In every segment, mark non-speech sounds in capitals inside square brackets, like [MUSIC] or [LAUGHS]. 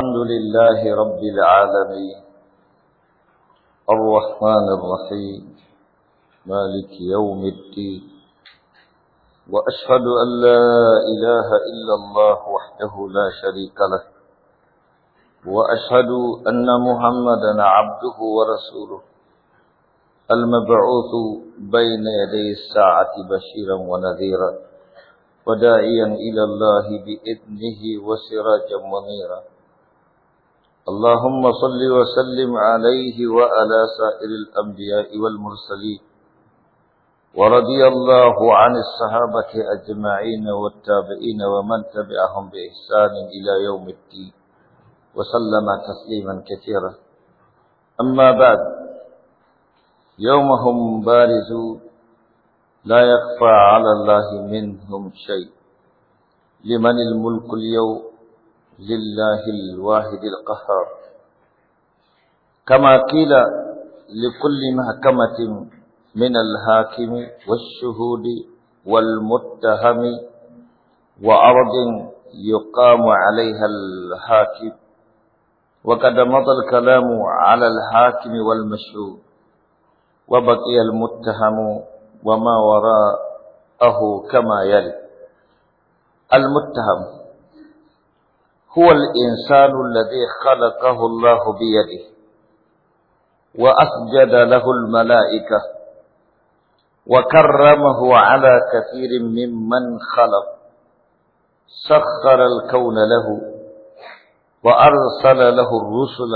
الحمد لله رب العالمين الرحمن الرحيم مالك يوم الدين وأشهد أن لا إله إلا الله وحده لا شريك له وأشهد أن محمدا عبده ورسوله المبعوث بين يدي الساعة بشيرا ونذيرا وداعيا إلى الله بإذنه وسراجا منيرا اللهم صل وسلم عليه وعلى سائر الأنبياء والمرسلين ورضي الله عن الصحابة أجمعين والتابعين ومن تبعهم بإحسان إلى يوم الدين وسلم تسليما كثيرا أما بعد يومهم بارزون لا يخفى على الله منهم شيء لمن الملك اليوم لله الواحد القهار كما قيل لكل محكمة من الحاكم والشهود والمتهم وأرض يقام عليها الحاكم وقد مضى الكلام على الحاكم والمشهود وبقي المتهم وما وراءه كما يلي المتهم هو الإنسان الذي خلقه الله بيده وأسجد له الملائكة وكرمه على كثير ممن خلق سخر الكون له وأرسل له الرسل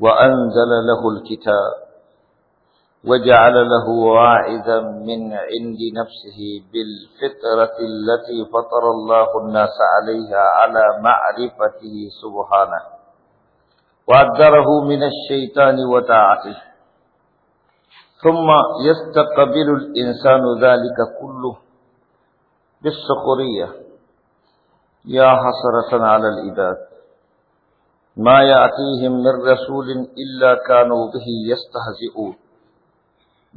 وأنزل له الكتاب وجعل له واعظا من عند نفسه بالفطرة التي فطر الله الناس عليها على معرفته سبحانه وأدره من الشيطان وتعاته ثم يستقبل الإنسان ذلك كله بالسخرية يا حسرة على الإباد ما يأتيهم من رسول إلا كانوا به يستهزئون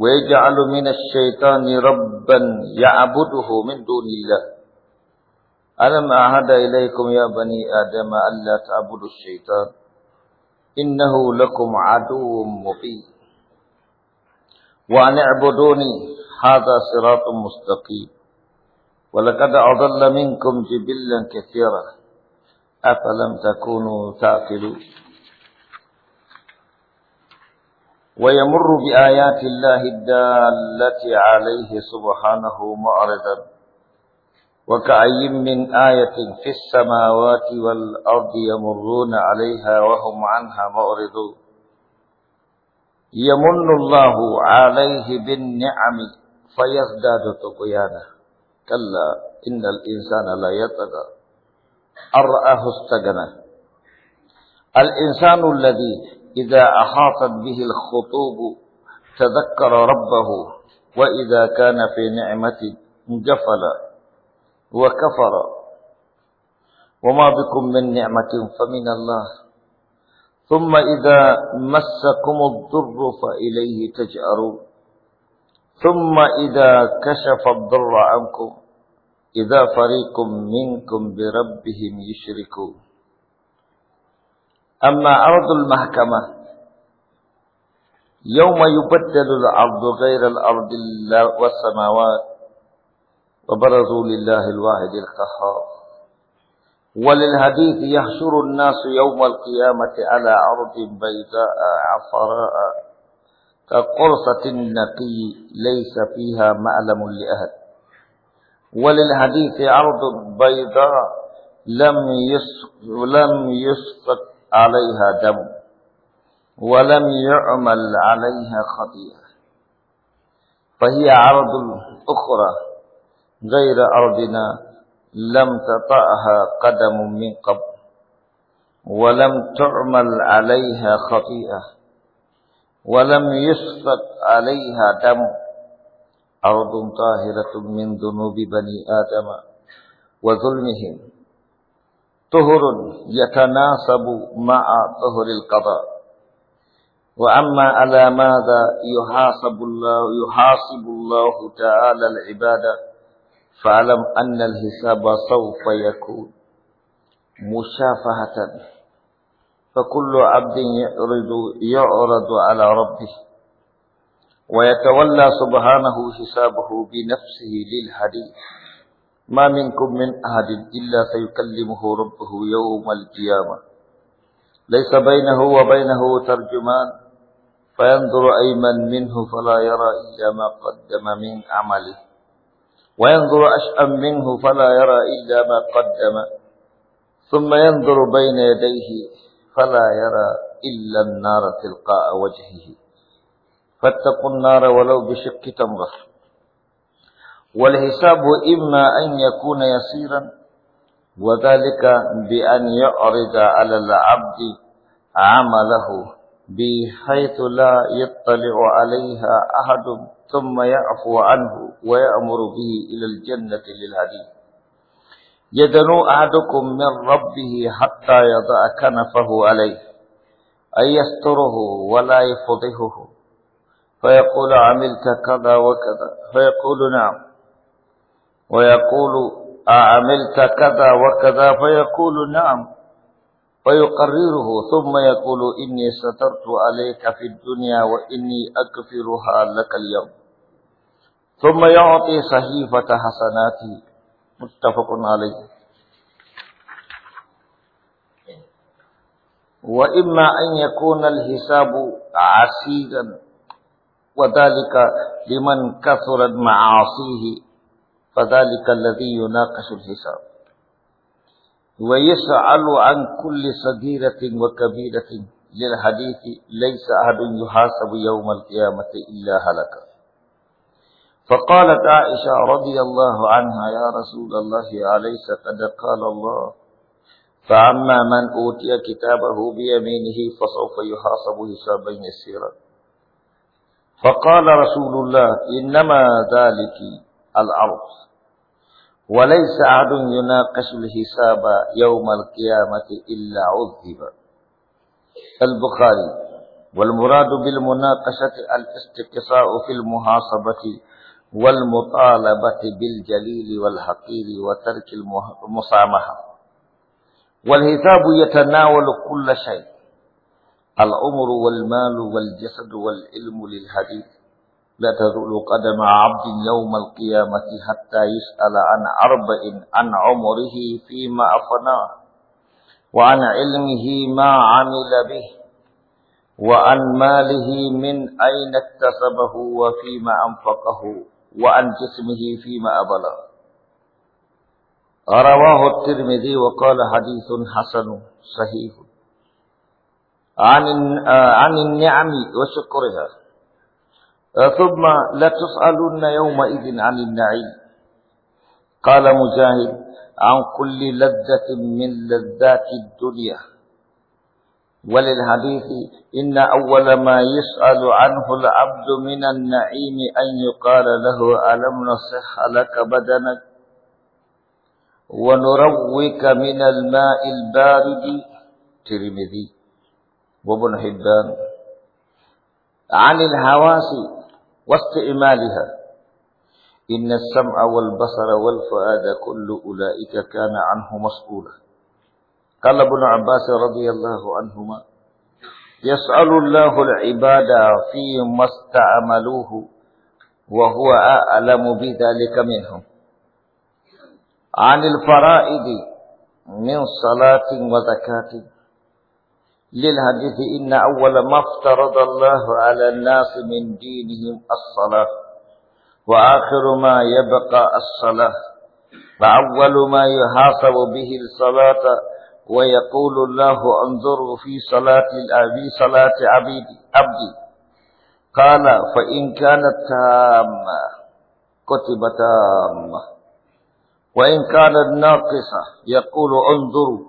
ويجعل من الشيطان ربا يعبده من دون الله ألم أعهد إليكم يا بني آدم ألا تعبدوا الشيطان إنه لكم عدو مبين وأن اعبدوني هذا صراط مستقيم ولقد أضل منكم جبلا كثيرا أفلم تكونوا تعقلون ويمر بآيات الله الدالة عليه سبحانه معرضا وكأي من آية في السماوات والأرض يمرون عليها وهم عنها معرضون يمن الله عليه بالنعم فيزداد طغيانا كلا إن الإنسان لا يتقى أرآه استغنى الإنسان الذي إذا أحاطت به الخطوب تذكر ربه وإذا كان في نعمة جفل وكفر وما بكم من نعمة فمن الله ثم إذا مسكم الضر فإليه تجأرون ثم إذا كشف الضر عنكم إذا فريق منكم بربهم يشركون أما أرض المحكمة يوم يبدل الأرض غير الأرض والسماوات وبرزوا لله الواحد القهار وللحديث يحشر الناس يوم القيامة على أرض بيضاء عفراء كقرصة النقي ليس فيها مألم لأهل وللحديث عرض بيضاء لم يسقط عليها دم ولم يعمل عليها خطيئة فهي عرض أخرى غير أرضنا لم تطأها قدم من قبل ولم تعمل عليها خطيئة ولم يسفك عليها دم أرض طاهرة من ذنوب بني آدم وظلمهم طهر يتناسب مع طهر القضاء وأما على ماذا يحاسب الله يحاسب الله تعالى العبادة فاعلم أن الحساب سوف يكون مشافهة فكل عبد يعرض يعرض على ربه ويتولى سبحانه حسابه بنفسه للحديث ما منكم من أحد إلا سيكلمه ربه يوم القيامة ليس بينه وبينه ترجمان فينظر أيمن منه فلا يرى إلا ما قدم من عمله وينظر أشأم منه فلا يرى إلا ما قدم ثم ينظر بين يديه فلا يرى إلا النار تلقاء وجهه فاتقوا النار ولو بشق تمره والحساب إما أن يكون يسيرا وذلك بأن يعرض على العبد عمله بحيث لا يطلع عليها أحد ثم يعفو عنه ويأمر به إلى الجنة للهدي يدنو أحدكم من ربه حتى يضع كنفه عليه أن يستره ولا يفضحه فيقول عملت كذا وكذا فيقول نعم ويقول أعملت كذا وكذا فيقول نعم فيقرره ثم يقول إني سترت عليك في الدنيا وإني أكفرها لك اليوم ثم يعطي صحيفة حسناتي متفق عليه وإما أن يكون الحساب عسيرا وذلك لمن كثرت معاصيه فذلك الذي يناقش الحساب ويسأل عن كل صغيرة وكبيرة للحديث ليس أحد يحاسب يوم القيامة إلا هلك فقالت عائشة رضي الله عنها يا رسول الله أليس قد قال الله فأما من أوتي كتابه بيمينه فسوف يحاسب حسابا يسيرا فقال رسول الله إنما ذلك العرض وليس أحد يناقش الحساب يوم القيامة إلا عذب البخاري والمراد بالمناقشة الاستقصاء في المحاصبة والمطالبة بالجليل والحقير وترك المسامحة والحساب يتناول كل شيء العمر والمال والجسد والعلم للحديث لا تزول قدم عبد يوم القيامة حتى يسأل عن أربع عن عمره فيما أفنى وعن علمه ما عمل به وعن ماله من أين اكتسبه وفيما أنفقه وعن جسمه فيما أبلى رواه الترمذي وقال حديث حسن صحيح عن آه، عن النعم وشكرها ثم لا تسألن يومئذ عن النعيم قال مجاهد عن كل لذة من لذات الدنيا وللحديث إن أول ما يسأل عنه العبد من النعيم أن يقال له ألم نصح لك بدنك ونروك من الماء البارد ترمذي وابن حبان عن الهواس واستئمالها إن السمع والبصر والفؤاد كل أولئك كان عنه مسؤولا قال ابن عباس رضي الله عنهما يسأل الله العباد فيما استعملوه وهو أعلم بذلك منهم عن الفرائض من صلاة وزكاة للحديث إن أول ما افترض الله على الناس من دينهم الصلاة وآخر ما يبقى الصلاة فأول ما يحاسب به الصلاة ويقول الله انظروا في صلاة في صلاة عبيدي عبدي قال فإن كانت تامة كتب تامة وإن كانت ناقصة يقول انظروا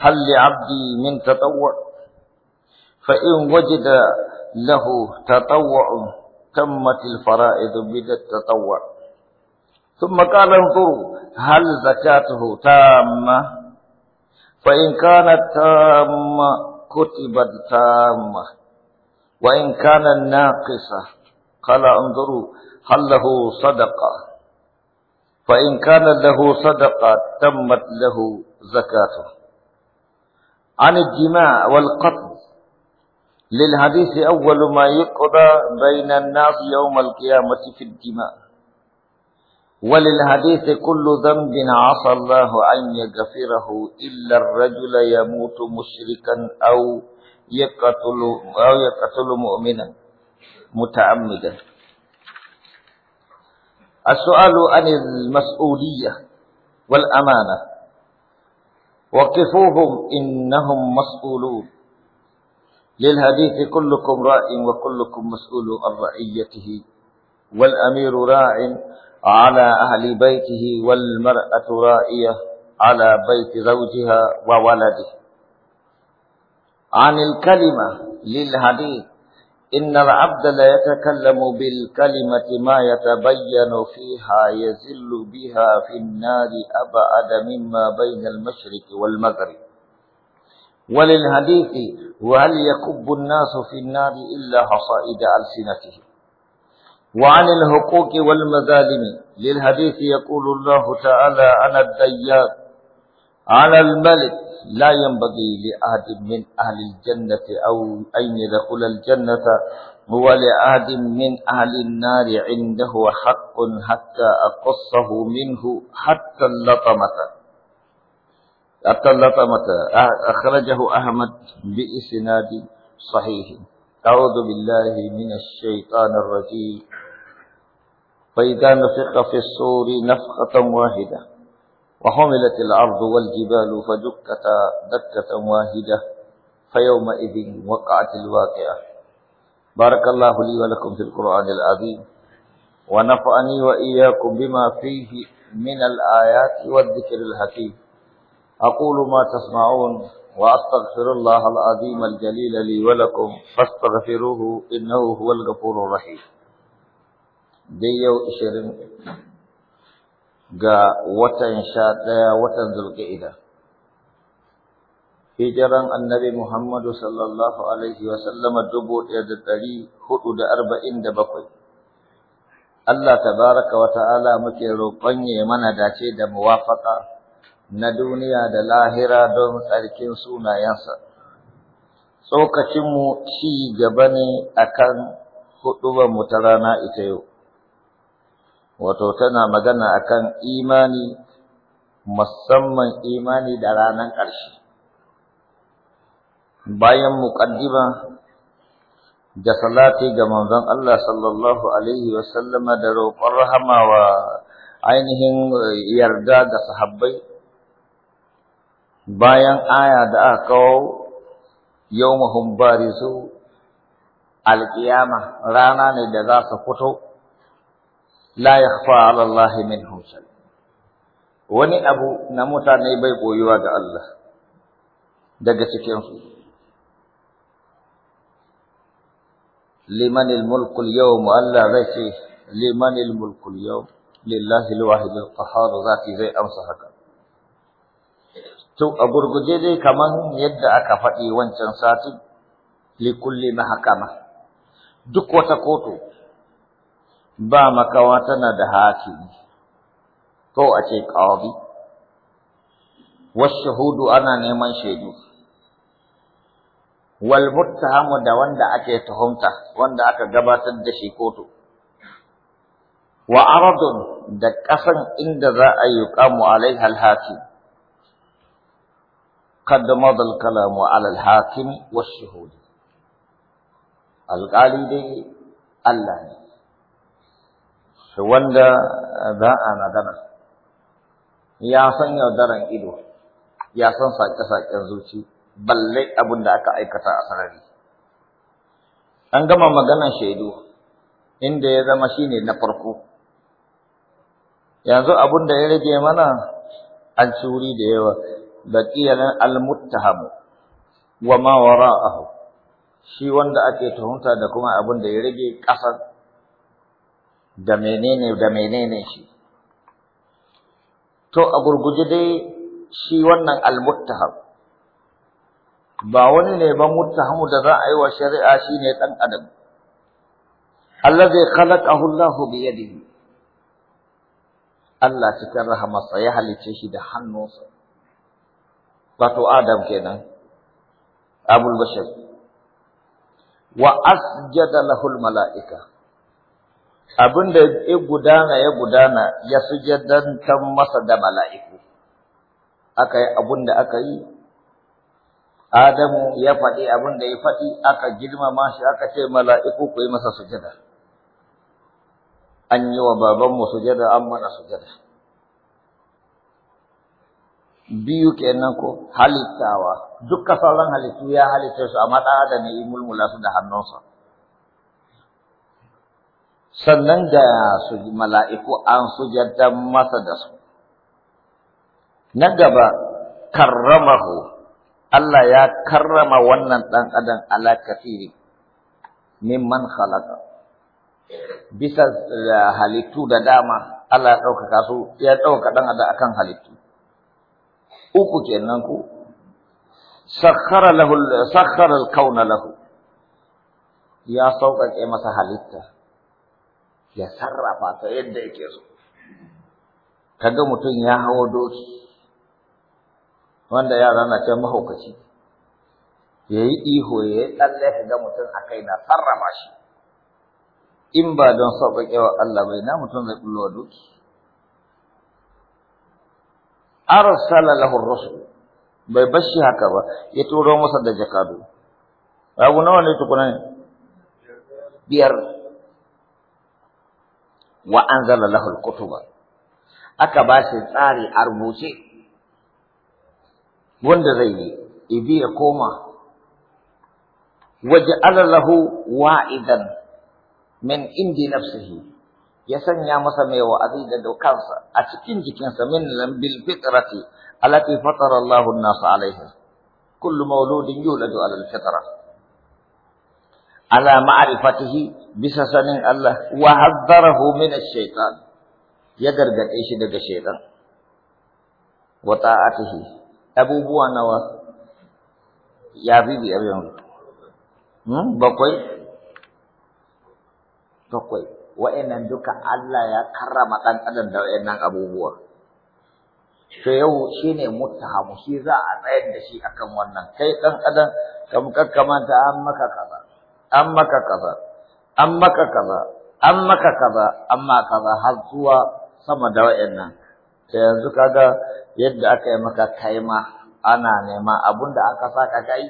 هل لعبدي من تطوع فإن وجد له تطوع تمت الفرائض بلا التطوع ثم قال انظروا هل زكاته تامة فإن كانت تامة كتبت تامة وإن كانت ناقصة قال انظروا هل له صدقة فإن كان له صدقة تمت له زكاته عن الجماع والقتل للحديث أول ما يقضى بين الناس يوم القيامة في الدماء وللحديث كل ذنب عصى الله أن يغفره إلا الرجل يموت مشركا أو يقتل أو يقتل مؤمنا متعمدا السؤال عن المسؤولية والأمانة وقفوهم إنهم مسؤولون للحديث كلكم راع وكلكم مسؤول عن رعيته والأمير راع على أهل بيته والمرأة راعية على بيت زوجها وولده عن الكلمة للحديث إن العبد لا يتكلم بالكلمة ما يتبين فيها يزل بها في النار أبعد مما بين المشرق والمغرب وللحديث وهل يكب الناس في النار إلا حصائد ألسنتهم وعن الحقوق والمظالم للحديث يقول الله تعالى أنا الديان على الملك لا ينبغي لأحد من أهل الجنة أو أن يدخل الجنة ولأحد من أهل النار عنده حق حتى أقصه منه حتى اللطمة اللطمة أه- أخرجه أحمد بإسناد صحيح أعوذ بالله من الشيطان الرجيم فإذا نفخ في الصور نفخة واحدة وحملت الأرض والجبال فدكتا دكة واحدة فيومئذ وقعت الواقعة بارك الله لي ولكم في القرآن العظيم ونفعني وإياكم بما فيه من الآيات والذكر الحكيم أقول ما تسمعون وأستغفر الله العظيم الجليل لي ولكم فاستغفروه إنه هو الغفور الرحيم ديو إشرين ga watan sha ɗaya watan zulƙa'ida hijiran annabi Muhammadu sallallahu alaihi wa sallama dubu ɗaya da ɗari hudu da arba'in da bakwai Allah tabaraka wa ta'ala muke roƙon mana dace da muwafaƙa na duniya da lahira don tsarkin sunayensa. Tsokacinmu ci gaba ne akan mu ta rana ita yau, wato tana magana akan imani, musamman imani da ranar ƙarshe. Bayan muƙaddima da salati ga manzon Allah sallallahu alaihi wa da roƙon rahama wa ainihin eh, yarda da sahabbai bayan aya da aka kawo yawmahum su alƙiyama. rana ne da za su fito la wani abu na mutane bai koyuwa ga Allah daga cikinsu. su liman al zai ce liman al-mulk lillahi al-wahid zati zai amsa haka To a gurguje dai kaman yadda aka faɗi wancan sati li kulli mahkama duk wata kotu ba makawa tana da hakimi ko a ce qadi washuhudu ana neman shaidu wal muttahamu da wanda ake tuhumta wanda aka gabatar da shi kotu wa aradun da kasan inda za a yuqamu alaiha al hakim قد مضى الكلام على الحاكم والشهود alƙali dai Allah ne wanda za'a a magana ya yaudaran ido ya san saƙe-saƙen zuci balle abin da aka aikata a sarari an gama maganan shaidu inda ya zama shine na farko yanzu abin da ya rage mana an ci wuri da yawa baqiyana al-muttaham wa ma wara'ahu shi wanda ake tuhunta da kuma abin da ya rage ƙasar da menene da menene shi to a gurguje dai shi wannan al-muttaham ba wani ne ba muttahamu da za a yi wa shari'a shi shine dan adam allazi khalaqahu Allah bi yadihi Allah cikin rahamarsa ya halice shi da hannunsa wato Adam kenan Abul Bashir wa asjada lahul mala'ika abinda ya gudana ya gudana ya sujadantar masa da mala'iku aka yi abinda aka yi Adamu ya faɗi abinda ya faɗi aka girmama shi aka ce mala'iku ku yi masa sujada an yi wa babanmu sujada an mana sujada biyu kenan ko halittawa dukkan sauran halittu ya halitta su amma ɗan adam ne mulmula su da hannunsa sannan da su mala'iku an sujadda masa da su na gaba karramahu Allah ya karrama wannan ɗan adam ala kafiri mimman khalaqa bisa eh, halittu da dama Allah ya ɗaukaka su ya ɗauka ɗan adam akan halittu uku kenan ku sakhara lahu sakhara al-kauna lahu ya sauƙaƙe masa halitta ya sarrafa ta yadda yake so kaga mutum ya hawo doki wanda yara na ce mahaukaci ya yi iho ya yi tsalle ga mutum a kai na sarrafa shi in ba don sauƙaƙewa Allah bai na mutum zai ɓullo doki arsala lahu ar-rusul bai bashi haka ba ya turo masa da jakadu abu nawa ne tukuna ne biyar wa anzala lahu al-kutuba aka ba shi tsari a rubuce wanda zai yi ibi ya koma waje lahu wa'idan min indi nafsihi ya sanya masa mai wa'azi da dokansa a cikin jikinsa min lambil fitrati allati fatara Allahu an-nas alaiha kullu mauludin yuladu ala al-fitra ala ma'rifatihi bisa sanin Allah wa haddarahu min ash-shaytan ya gargade shi daga shaytan wa ta'atihi abubuwa nawa ya bibi abin hmm, bakwai bakwai wa'annan duka Allah ya karrama ɗan adam da wa'annan abubuwa to yau shine muttahamu shi za a tsayar da shi akan wannan kai ɗan adam kam kakkamanta an maka kaza an maka kaza an maka kaza an maka kaza amma kaza har zuwa sama da wa'annan to yanzu kaga yadda aka yi maka kai ma ana nema abinda aka saka kai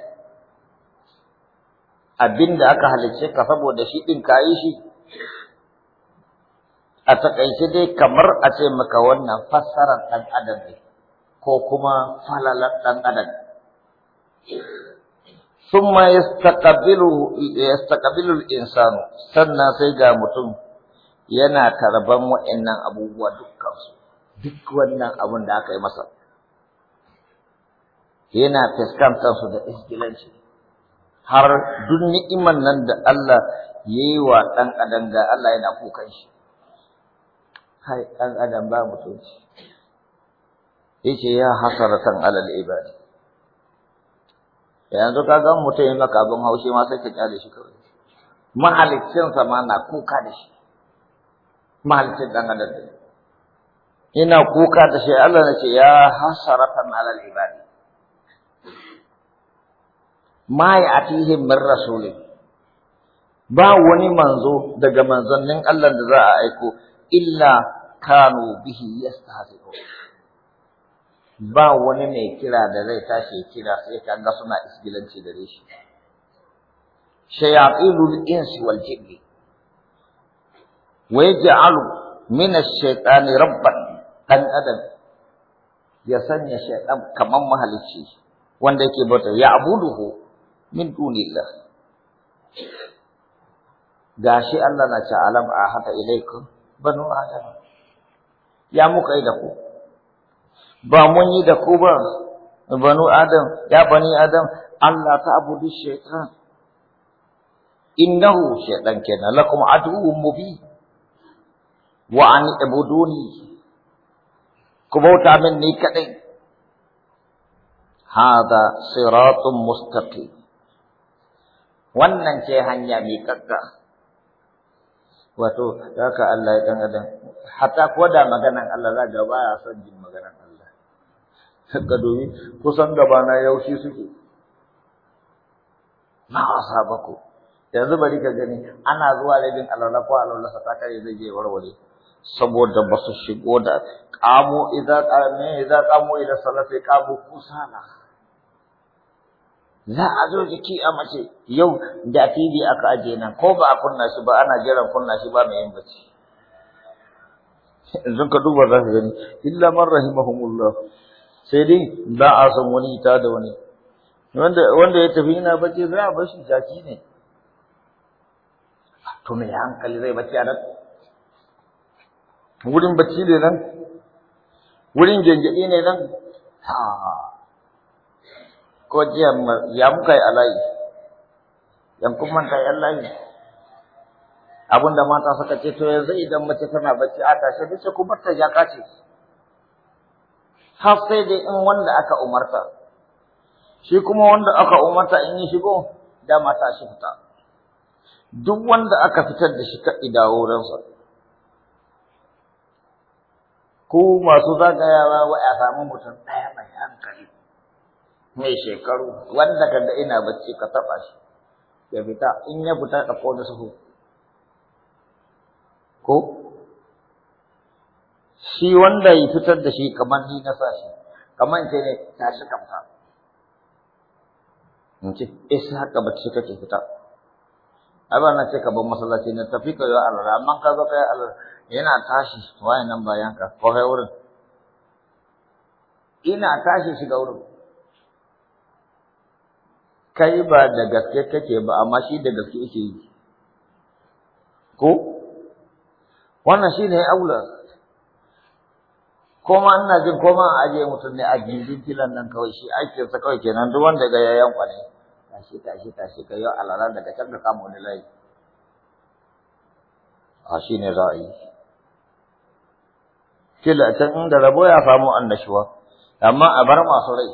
abinda aka halicce ka saboda shi din kayi shi a takaice dai kamar a ce maka wannan fassarar ɗan adam ne ko kuma falalar ɗan adam summa yastaqbilu yastaqbilu al-insanu sannan sai ga mutum yana tarban wa'annan abubuwa dukkan su duk wannan abun da aka yi masa yana fiskantar su da iskilanci har duk ni'imar nan da Allah yayi wa dan adam ga Allah yana kukan shi kai ɗan adam ba mutunci yake ya hasaratan alal ibadi yanzu ka ga mutum yana kabon haushi ma sai ka kyale shi kawai mahaliccinsa ma na kuka da shi mahaliccin ɗan adam da ina kuka da shi Allah na ce ya hasaratan alal ibadi ma ya min rasulin ba wani manzo daga manzannin Allah da za a aiko illa kanu bihi yastahzi'un ba wani mai kira da zai tashi kira sai ka ga suna isgilanci da shi shayatinul ins wal jinni wa yaj'alu min ash-shaytani rabban dan adam ya sanya shaytan kaman mahalicci wanda yake bauta ya abuduhu min dunillah gashi Allah na ce alam a haka ilaikum banu adam ya muka yi da ku ba mun yi da ku ba banu adam ya bani adam Allah ta abu da shaitan innahu shaitan kenan lakum aduwwun mubi wa an ibuduni ku bauta min ni kadai hada siratun mustaqim wannan ce hanya mai kakkar wato haka Allah ya dan adam hatta ko da maganan Allah za ga baya son jin maganan Allah saka domin kusan gabana yaushe suke ma asabaku yanzu bari ka gani ana zuwa rabin alwala ko alwala sa kare zai je warware saboda ba su shigo da kamo idza qame idza qamo ila salati qamu kusana za a zo jiki a mace yau da TV aka aje nan ko ba a kunna shi ba ana jiran kunna shi ba mai yin bacci zan ka duba za gani illa man rahimahumullah sai dai ba a san wani ita da wani wanda wanda ya tafi yana bacci za a bar shi jaki ne to me hankali zai bacci a nan wurin bacci ne nan wurin gengedi ne nan ha ko jiya ya muka yi alayi yan kun ta yi layi da mata suka ce to yanzu idan mace tana bacci a tashe dace kuma barta jaka ce har sai dai in wanda aka umarta shi kuma wanda aka umarta in yi shigo dama ta shi fita duk wanda aka fitar da shi ka idawo wurinsa. ku masu zagayawa wa 'ya samu mutum ɗaya mai mai shekaru wanda ka ina bacci ka taɓa shi ya fita in ya fita ka kona su ko shi wanda ya fitar da shi kamar ni na sashi kamar ce ne tashi shi kamta in ce isa eh, haka bacci kake fita abin na ce ka bar masallaci na tafi ka yi alara amma ka zo ka yi alara yana tashi wayan nan bayan ka ko kai wurin ina tashi shiga wurin kai ba da gaske kake ba amma shi da gaske yake yi ko wannan shi ne aula koma ina jin koma a ajiye mutum ne a gindin filan nan kawai shi ake sa kawai kenan duk wanda ga yayan kwane tashi tashi tashi kai yau alala daga can ka kama wani layi a shi ne ra'ayi kila can inda rabo ya samu annashuwa amma a bar masu rai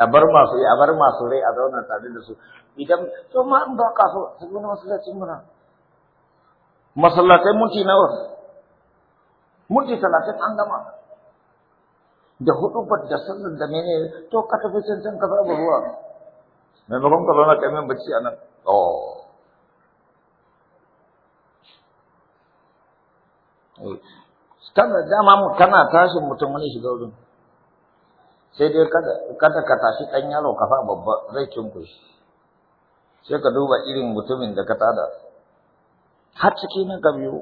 a bar masu a bar masu rai a zauna tare da su idan to ma in ba ka so su gina masallacin muna masallatai minti nawa minti talatin an gama da hudu ba da sallar da mene to ka tafi can can ka saba ruwa maimakon ka zauna kai min bacci a nan oh eh. kana dama kana tashin mutum wani shiga wurin sai dai kada ka tashi ɗan yaro ka babba zai cunkushe sai ka duba irin mutumin da ka tada har ciki na ka biyo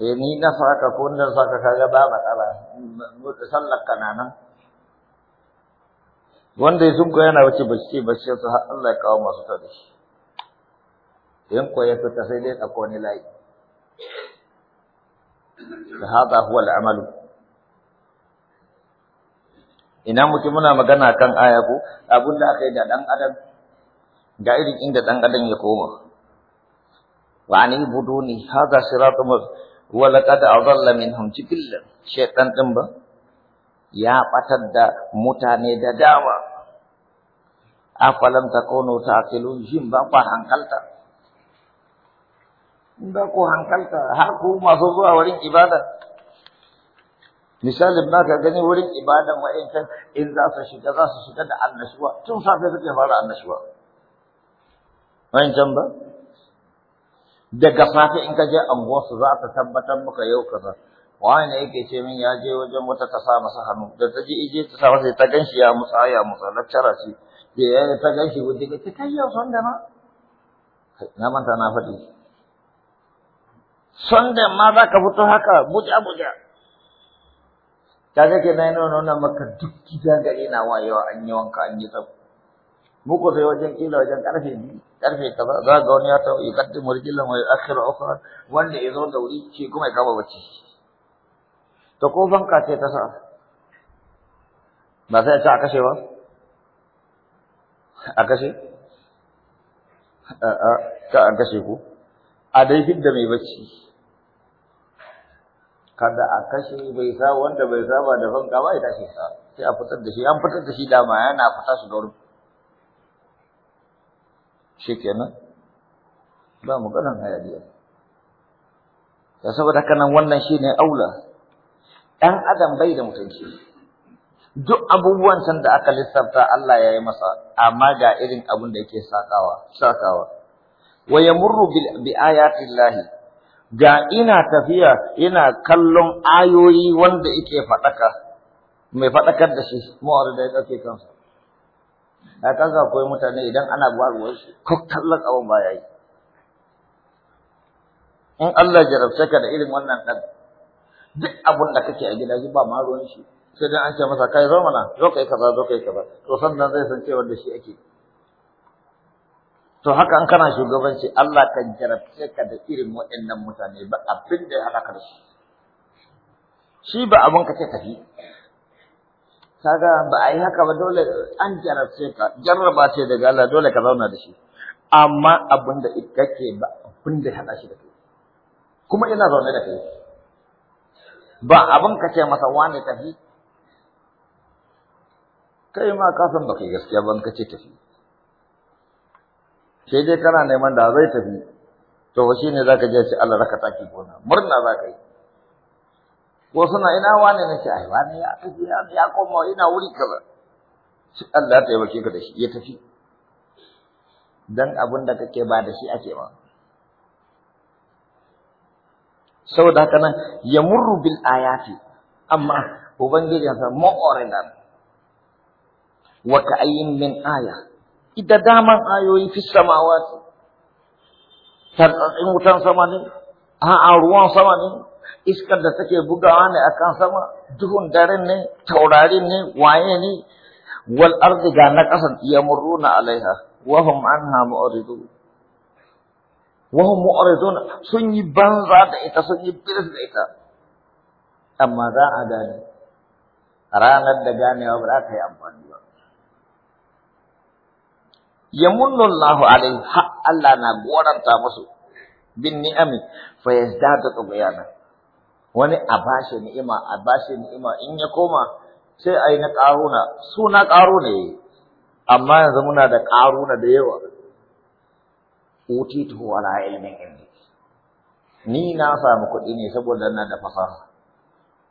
eh, ni na saka ko na saka ga ba matsala sallar kananan wanda ya sunko yana wuce bacci bacci sa har Allah ya kawo masu tare shi yan ko ya fita sai dai tsako ni layi hada huwa al-amalu ina muke muna magana kan aya ko abin da aka yi da dan adam ga irin inda dan adam ya koma wa ani buduni hada siratum wa laqad adalla minhum jibillan shaytan din ba ya batar da mutane da dama afalam takunu taqilun jin ba ku hankalta ku hankalta har ku masu zuwa wurin ibada misalin ba ka gani wurin ibadan wa'incan in za su shiga za su shiga da annashuwa tun safe suke fara annashuwa wa'incan ba daga safe in ka je anguwarsu za ta tabbatar maka yau kaza wani yake ce min ya je wajen wata ta sa masa hannu da ta je ije ta sa masa ta ganshi ya musa ya musa cara shi da ya ta ganshi gudu ga ta yau son da ma na manta na faɗi son da ma za ka fito haka buja buja kaga kenan yana nuna maka duk gida gari na wayewa an yi wanka an yi tsaf mu ko sai wajen kila wajen karfe biyu karfe kaza za ga wani ya ta yuqaddimu rijlan wa akhir ukhra wanda ya zo da wuri ce kuma ya kama bace to ko banka ce ta sa ba sai ta ce a kashe ba a kashe a kashe ku a dai fidda mai bacci kada a kashe bai sa wanda bai saba da fanka ba ya tashi sa sai a fitar da shi an fitar da shi dama yana fita shi da wurin shikenan ba mu ganin hayaliya da saboda haka nan wannan ne aula dan adam bai da mutunci duk abubuwan san da aka lissafta Allah ya yi masa amma ga irin abin da yake sakawa sakawa wa yamurru bi ayati llahi da ina tafiya ina kallon ayoyi wanda yake faɗaka mai faɗakar da shi mawar da ya ɗauke kansa a kansa akwai mutane idan ana buwa shi ko kallon abin baya ya yi in Allah jarabce ka da irin wannan ɗan duk abin da kake a gida ba ma ruwan shi sai dan an ce masa kai zo mana zo kai kaza zo kai kaza to sannan zai san cewa da shi ake To haka an kana shugabanci Allah kan jarabce ka da irin waɗannan mutane ba abin da ya halaka da shi. Shi ba abin ka ce fi. Kaga ba a yi haka ba dole an jarabce ka jarraba ce daga Allah dole ka zauna da shi. Amma abin da kake ba abin da ya haɗa shi da kai. Kuma ina zaune da kai. Ba abin ka ce masa wane tafi. Kai ma ka san ba kai gaskiya ba ka ce tafi. sai dai kana neman da zai tafi to shi ne za ka je ce Allah raka taki gona murna za ka yi ko suna ina wane na ce ai wane ya tafi ya koma ina wuri kaza shi Allah ya taimake ka da shi ya tafi dan abin da kake ba da shi ake ba saboda haka nan ya murru bil ayati amma ubangiji sa mu'orinan wa ka'ayyin min aya da daman ayoyi fi ce. tartsatsin wutan sama ne a'a ruwan sama ne iskar da take bugawa ne akan sama duhun daren ne taurari ne waye ne wal ardi ga na kasan yamurruna alaiha wa an ha mu'ridun wa hum sun yi banza da ita sun yi birs da ita amma za a gane ranar da ganewa ba za ta yi amfani yamunnu Allahu alaihi Allah na goranta musu bin ni'ami fa yazdadu tughyana wani a bashi ni'ima a bashi ni'ima in ya koma sai ai na karuna suna karo ne amma yanzu muna da karuna da yawa utitu ala ilmin indi ni na samu kuɗi ne saboda ina da fasaha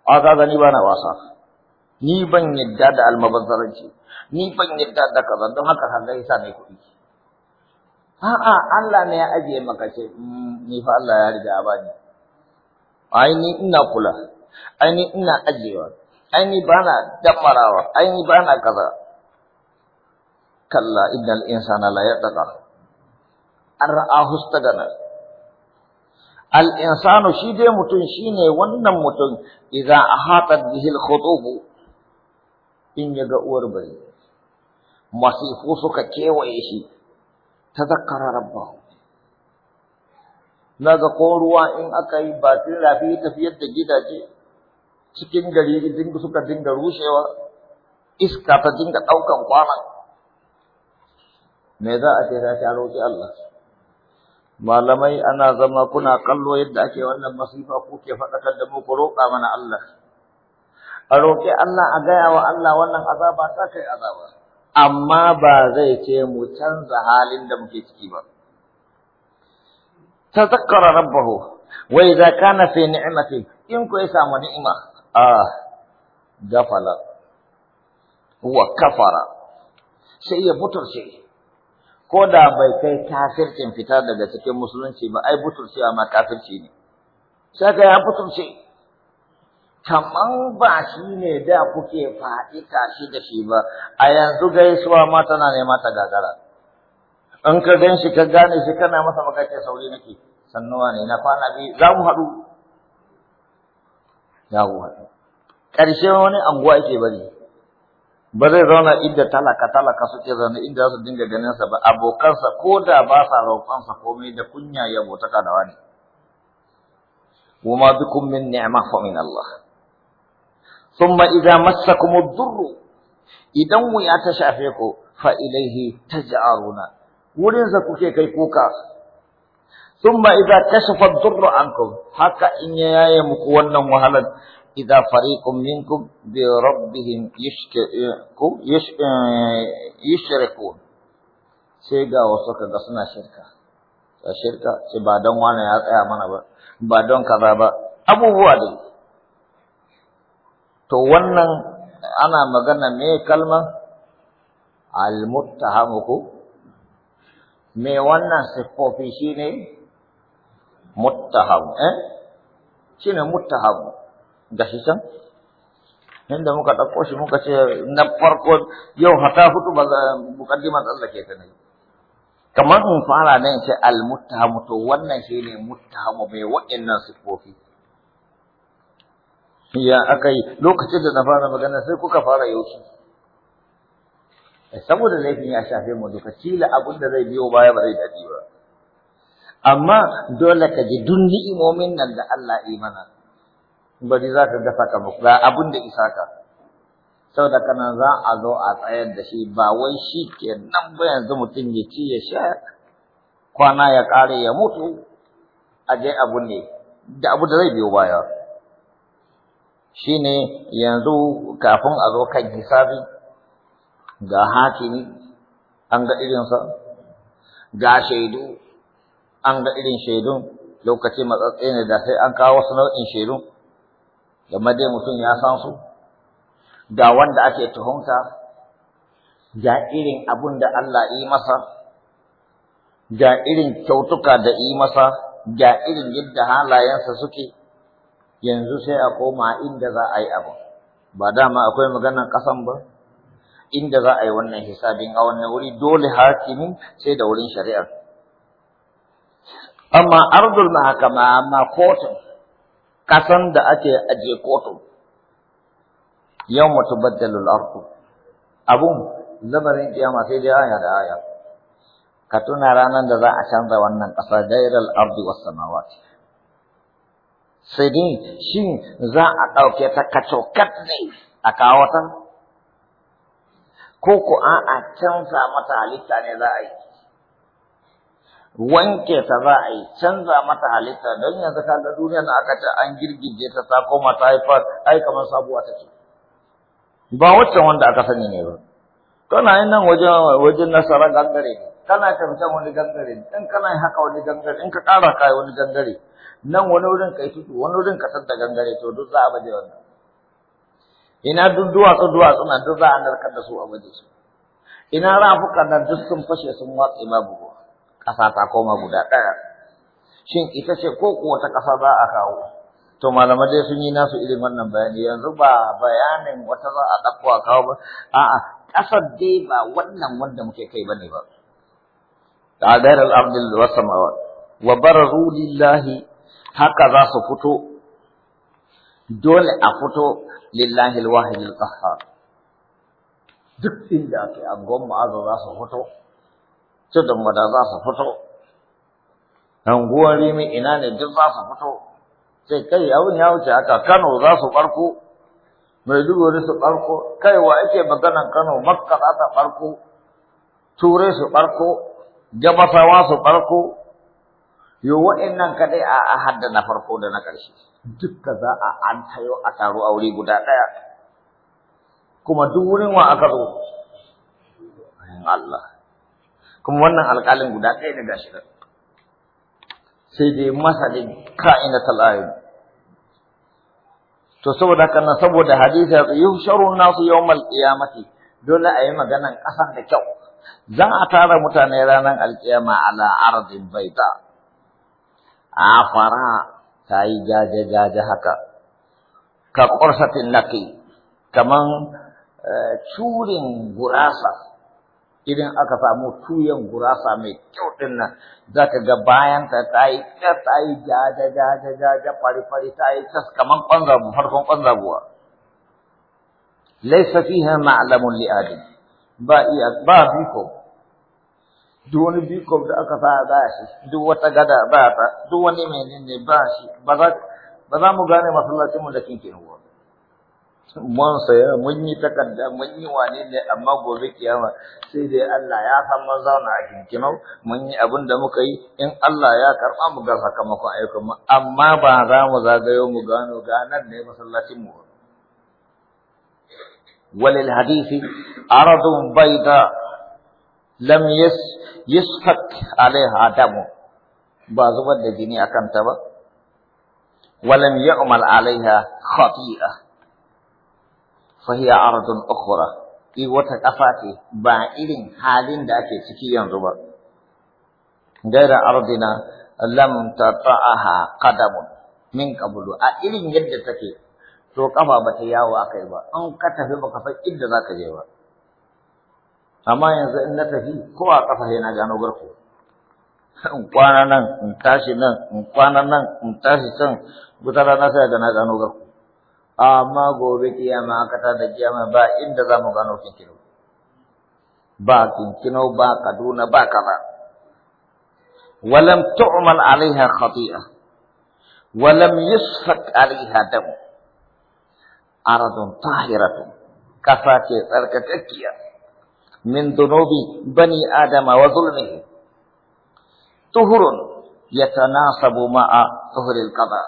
a ga ni bana wasa ni ban yadda da almabazzaranci ni ban yadda da kaza don haka kaga yasa ne kuɗi a'a Allah ne ya ajiye maka ce mm, ni fa Allah ya riga ba bani ai ni ina kula ai ni ina ajiyewa ai ni bana damarawa ai ni bana kaza kalla innal insana la yataqa an ra'ahu al insanu shi dai mutum shine wannan mutum idza ahatat bihil khutubu in yaga uwar bari masifu suka kewaye shi tazakkara rabbahu naga ko ruwa in aka yi tun rafi tafiyar da gidaje cikin gari idan suka dinga rushewa iska ta dinga daukan kwana me za a ce za ta roki Allah malamai ana zama kuna kallo yadda ake wannan masifa ko ke faɗakar da mu ku roƙa mana Allah a roƙi Allah a gaya wa Allah wannan azaba ta kai azaba amma ba zai ce mu canza halin da muke ciki ba tazakkara rabbahu wa idza kana fi ni'mati in ku ya samu ni'ima ah gafala wa kafara sai ya buturce ko da bai kai kafircin fita daga cikin musulunci ba ai buturcewa ma kafirci ne sai ya buturce kaman ba shi ne da kuke faɗi tashi da shi ba a yanzu gaisuwa ma tana nema ta gagara in ka gan shi ka gane shi kana masa maka sauri nake sannuwa ne na kwana biyu za mu haɗu ya ƙarshe wani anguwa yake bari ba zai zauna inda talaka talaka suke zaune inda su dinga ganin sa ba abokansa ko da ba sa roƙonsa komai da kunya ya bota da wani وما بكم من نعمة فمن الله thumma idza massakum ad-durr idan wuya ta shafe ku fa ta taj'aruna wurin sa kuke kai kuka thumma idza kashafa ad-durr ankum haka in ya yaye muku wannan wahalar idza fariqum minkum bi rabbihim yushriku eh, yushrikun sai ga wasu kaga suna shirka shirka ce ba don wani ya tsaya mana ba ba don kaza ba abubuwa dai to wannan ana magana me kalma, al me wannan siffofi shine muttaham eh shine muttaham da shi san inda muka ɗauko shi muka ce na farko yau hata hutu ba mukaddima ke ta ne kamar in fara nan ce al to wannan shine muttahamu me wa'annan siffofi ya aka yi lokacin da na fara magana sai kuka fara yauki eh, saboda laifin ya shafe mu duka kila abin da zai biyo baya ba zai daɗi ba amma dole ka ji dun ni'imomin nan da Allah yi mana bari za ka dafa ka ba abin da isa ka saboda kana za a zo a tsayar da shi ba wai shi ke nan ba yanzu mutum ya ci ya sha kwana ya kare ya mutu a je abu ne da abu da zai biyo baya. shine yanzu kafin a zo kan hisabi ga hakimi an ga irinsa ga shaidu an ga irin shaidun lokaci matsatsi ne da sai an kawo wasu nau'in shaidun da dai mutum ya san su ga wanda ake tuhumta ga irin abun da Allah yi masa ga irin kyautuka da yi masa ga irin yadda halayensa suke yanzu sai a koma inda za a yi abu ba dama akwai maganar kasan ba inda za a yi wannan hisabin a wannan wuri dole hakimi sai da wurin shari'ar amma ardul mahakama amma kotun kasan da ake aje kotun yau mutu baddalul ardu abun lamarin kiyama sai dai aya da aya ka tuna ranar da za a canza wannan ƙasa gairar ardi was samawati sai dai shin za a ɗauke ta kacokat ne a kawata? ko ko a a canza mata halitta ne za a yi wanke ta za a yi canza mata halitta don yanzu ka ga duniya na aka ce an girgije ta ta koma ta haifar ai kamar sabuwa ta ce. ba waccan wanda aka sani ne ba kana yin nan wajen wajen nasara gangare Kana kana tafitan wani gangare in kana haka wani gangare in ka ƙara kai wani gangare nan wani wurin kai tutu wani wurin kasar da gangare to duk za a baje wannan ina duk duwatsu duwatsu na duk za a narkar da su a baje su ina rafuka nan duk sun fashe sun watsa ma bugu kasa ta koma guda ɗaya shin ita ce ko kuwa ta ƙasa za a kawo to malamai dai sun yi nasu irin wannan bayani yanzu ba bayanin wata za a ɗauko a kawo ba a'a ƙasar dai ba wannan wanda muke kai bane ba ta dairar abdul wa wa barazu lillahi haka za su fito dole a fito lillahi alwahid alqahhar duk inda ake a gomma ma'aza za su fito da mada za su fito anguwar rimi ina ne duk za su fito sai kai abin ya wuce haka kano za su barko Maiduguri su kai wa ake maganan Kano, Makka za ta farko Turai su ɓarko, Jabasawa su farko Yo wa'annan kaɗai a ahad da na farko da na ƙarshe, dukka za a an tayo a taro aure guda ɗaya. Kuma duk wurin wa aka zo, Allah. Kuma wannan alƙalin guda ɗaya ne gashi nan. Sai dai masalin ka'ina tal'ayin. To saboda haka nan saboda hadisi ya yusharu nasu yawmal qiyamati dole a yi maganan ƙasan da kyau. Za a tara mutane ranar alƙiyama ala ardin baita. afara ta yi gaje-gaje haka ka ƙorsatin naki kaman eh, curin gurasa idan aka samu tuyan gurasa mai kyau din nan za ka ga bayan ta ta yi ta ta yi jaje-jaje fari-fari ta yi tas kaman ƙwanzabu farkon ƙwanzabuwa laisa fiha ma'lamun li'adin ba iya ba biko duk wani bikof da aka sa ba shi duk wata gada ba ta duk wani menene ba shi ba za mu gane masallacinmu da kin ruwa mun saya mun yi takarda mun yi wane ne amma gobe kiyama sai dai Allah ya san mun zauna a kinkinau mun yi abin da muka yi in Allah ya karɓa mu ga sakamakon ayyukan mu amma ba za mu zagayo mu gano ganar ne masallacinmu ba. walil hadisi aradun baida lam yas yusfak alaiha damu ba zubar da jini a kanta ba walam ya'mal alaiha khati'a fa ardun ukhra i wata kafa ce ba irin halin da ake ciki yanzu ba gaira ardina lam tata'aha qadamun min qablu a irin yadda take to kafa bata yawo a kai ba an ka tafi baka san inda ka je ba amma yanzu in na tafi ko a ƙafa sai na gano garko in kwana nan in tashi nan in kwana nan in tashi can wata rana sai ga na gano garko amma gobe kiyama ta da kiyama ba inda za mu gano kinkino ba kinkino ba kaduna ba kaza walam tu'mal alaiha khati'a walam yusfak alaiha dam aradun tahiratun kafa ce tsarkakakkiya min dunubi bani adama wa zulmihi tuhurun yatanasabu ma'a tuhuril qada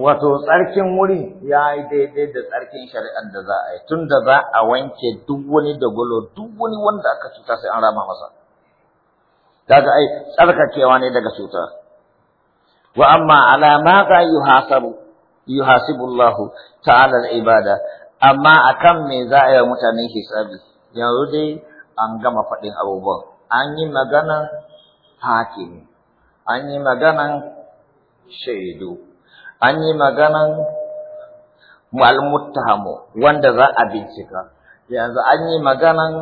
wato tsarkin wuri ya yi daidai da tsarkin shari'ar da za a yi tun da za a wanke duk wani dagulo duk wani wanda aka cuta sai an rama masa daga ai tsarkakewa ne daga cuta wa amma ala ma ga yuhasabu yuhasibu Allah ta'ala al-ibada amma akan me za a yi mutane hisabi yanzu dai an gama faɗin abubuwan an yi maganan hakimi an yi maganan shaidu an yi maganan malmuttahamu wanda za a bincika yanzu an yi maganan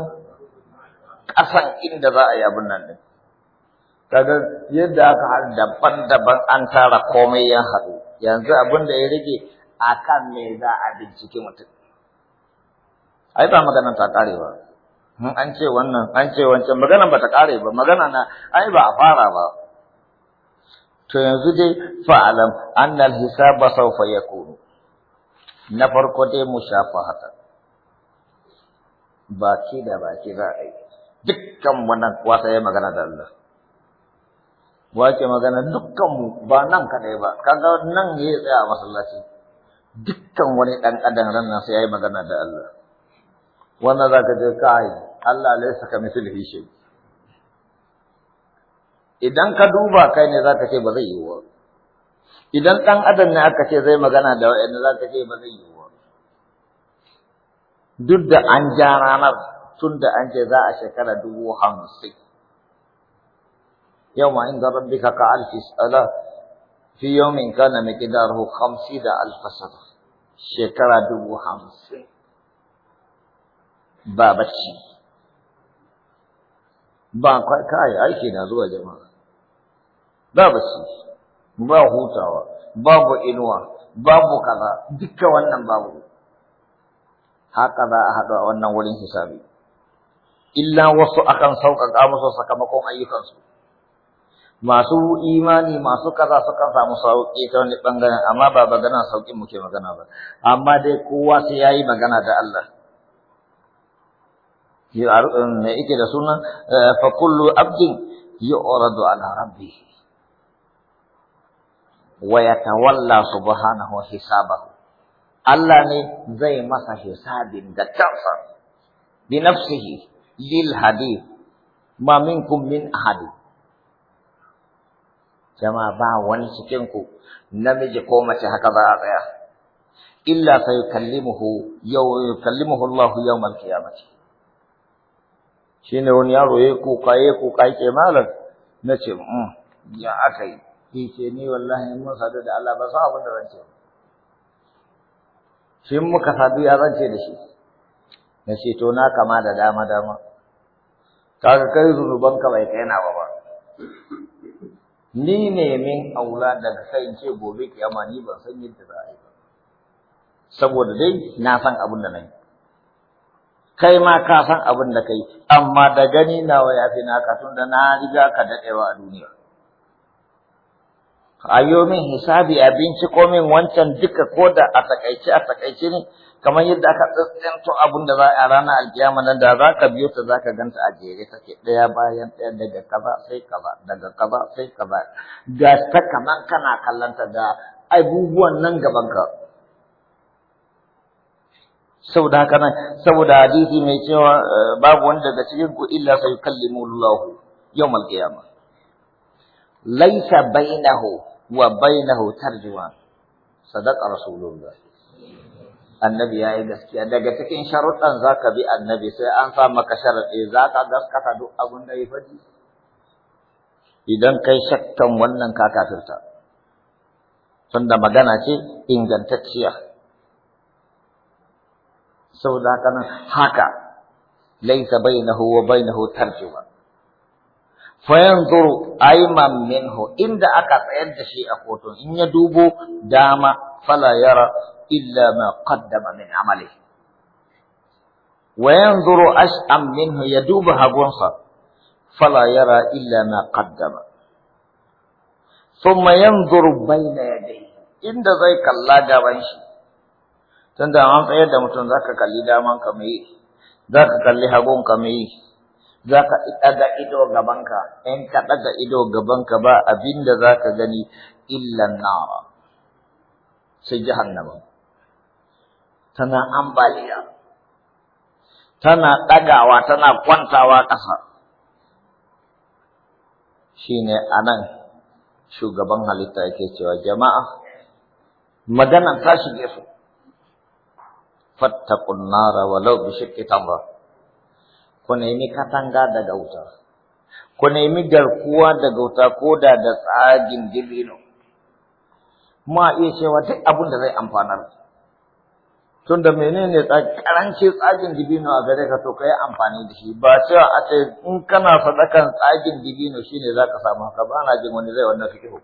ƙasan inda za a yi abin nan ɗin kaga yadda aka haɗu daban-daban an tara komai ya haɗu yanzu abin da ya rage akan me za a binciki mutum ai ba maganan ta kare ba in hmm. an ce wannan an ce wancan maganan ba ta kare ba magana na ai ba a fara ba to yanzu dai fa'alam al hisaba sawfa yakunu na farko dai mushafahata baki da baki za a yi dukkan wannan kuwa sai magana da Allah wace magana dukkan mu ba nan kadai ba kaga nan ya tsaya a masallaci dukkan wani dan adam ran nan sai ya magana da Allah wannan zaka je kai Allah laysa ka mithlihi shay idan ka duba kai ne zaka ce ba zai yi wa idan dan adam ne aka ce zai magana da wa'annan zaka ce ba zai yi wa duk da an ja ranar tun da an ce za a shekara dubu hamsin yau ma inda rabbika ka alfi ala fi yawmin kana miqdaruhu 50 alf sana shekara dubu hamsin ba bacci ba kai aiki na zuwa jama'a ba bacci ba hutawa babu inuwa babu kaza duka wannan babu haka za a haɗu wannan wurin hisabi illa wasu akan sauƙaƙa musu sakamakon ayyukansu masu imani masu kaza sukan samu sauƙi ta wani ɓangaren amma ba maganar sauƙin muke magana ba amma dai kowa sai ya yi magana da Allah یہ ایک رسول فکل عبد یہ عورت والا ربی وَيَتَوَلَّا سُبْحَانَهُ حِسَابَهُ اللہ نے ذی مسا حساب دین بنفسه للحديث ما منكم من احد جما با وني سكنكو نمج قومة هكذا آغيا إلا سيكلمه يوم يكلمه الله يوم القيامة shi ne wani yaro ya kuka ya kuka ya ke malam na ce mm, ya aka yi shi ce ni wallahi mun sadu da Allah ba sa abin da zance shi muka sadu ya zance da shi na ce to na kama da dama dama kaga kai ka bai kai na ba ni ne min aula daga kai ce gobe kiyama ni ban san yadda za a yi ba saboda dai na san abin da na yi kai ma ka san abin da kai amma da gani nawa ya fi naka tun da na riga ka daɗewa a duniya ayo min hisabi abinci ko min wancan duka ko da a takaice a takaice ne kamar yadda aka tsantsanto abin da za a ranar alkiyama nan da za ka biyo ta za ka ganta a jere take ɗaya bayan ɗaya daga kaza sai kaza daga kaza sai kaza ga ta kaman kana kallanta da abubuwan nan gaban ka saboda haka nan saboda hadisi mai cewa eh, babu wanda daga cikin ku illa sai kallimu Allah yawmal qiyamah laisa bainahu wa bainahu tarjuma sadaqa rasulullah annabi ya yi gaskiya daga cikin sharuɗan zaka bi annabi sai an sa maka sharaɗi zaka gaskata duk abin da ya faɗi idan kai shakkan wannan ka kafirta tunda magana ce ingantacciya saboda haka nan haka laisa bainahu wa bainahu tarjuma fayanzuru ayman minhu inda aka tsayar da shi a kotun in ya dubo dama fala yara illa ma qaddama min amali wa yanzuru ash'am minhu ya duba hagunsa fala yara illa ma qaddama thumma yanzuru bayna yadayhi inda zai kalla gaban shi tunda an tsayar da mutum zaka kalli daman ka mai zaka kalli hagun ka mai zaka ɗaga ido gaban ka in ka daga ido gaban ka ba abinda zaka gani illa nara sai jahannama tana ambaliya tana dagawa tana kwantawa ƙasa shine anan shugaban halitta yake cewa jama'a maganan ta shige su fattakun nara walau bi shiqqi tamra ku nemi katanga daga wuta ku nemi garkuwa daga wuta ko da da tsagin dibino ma iya cewa duk abin da zai amfanar tunda menene karanci tsagin dibino a gare ka to kai amfani da shi ba cewa a ce in kana sadakan tsagin dibino shine zaka samu haka ba na jin wani zai wannan fikihu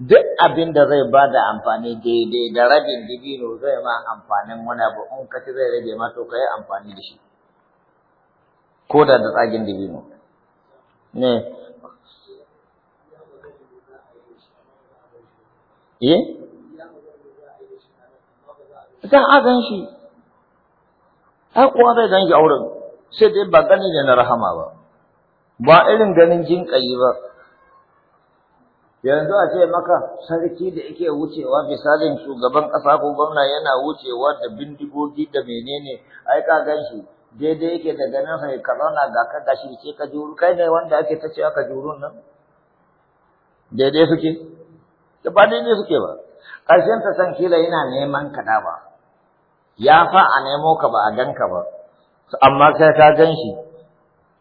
duk abin da zai ba da amfani daidai da rabin dibino zai ma amfanin wani abu in ka ci zai rage ma to ka yi amfani da shi ko da da tsagin dibino ne Ye? Eh? za a gan shi ai kuwa bai gan shi a wurin sai dai ba gani da na rahama ba ba irin ganin jin jinƙayi ba yanzu a ce maka sarki da yake wucewa misalin shugaban ƙasa ko gwamna yana wucewa da bindigogi da menene ai ka ganshi daidai yake da ganin sai ka zauna ga ka gashi ce ka juru kai ne wanda ake ta cewa ka jurun nan daidai suke da ba daidai suke ba ƙarshen ta san kila yana neman ka da ba ya fa a nemo ka ba a ganka ba amma sai ka ganshi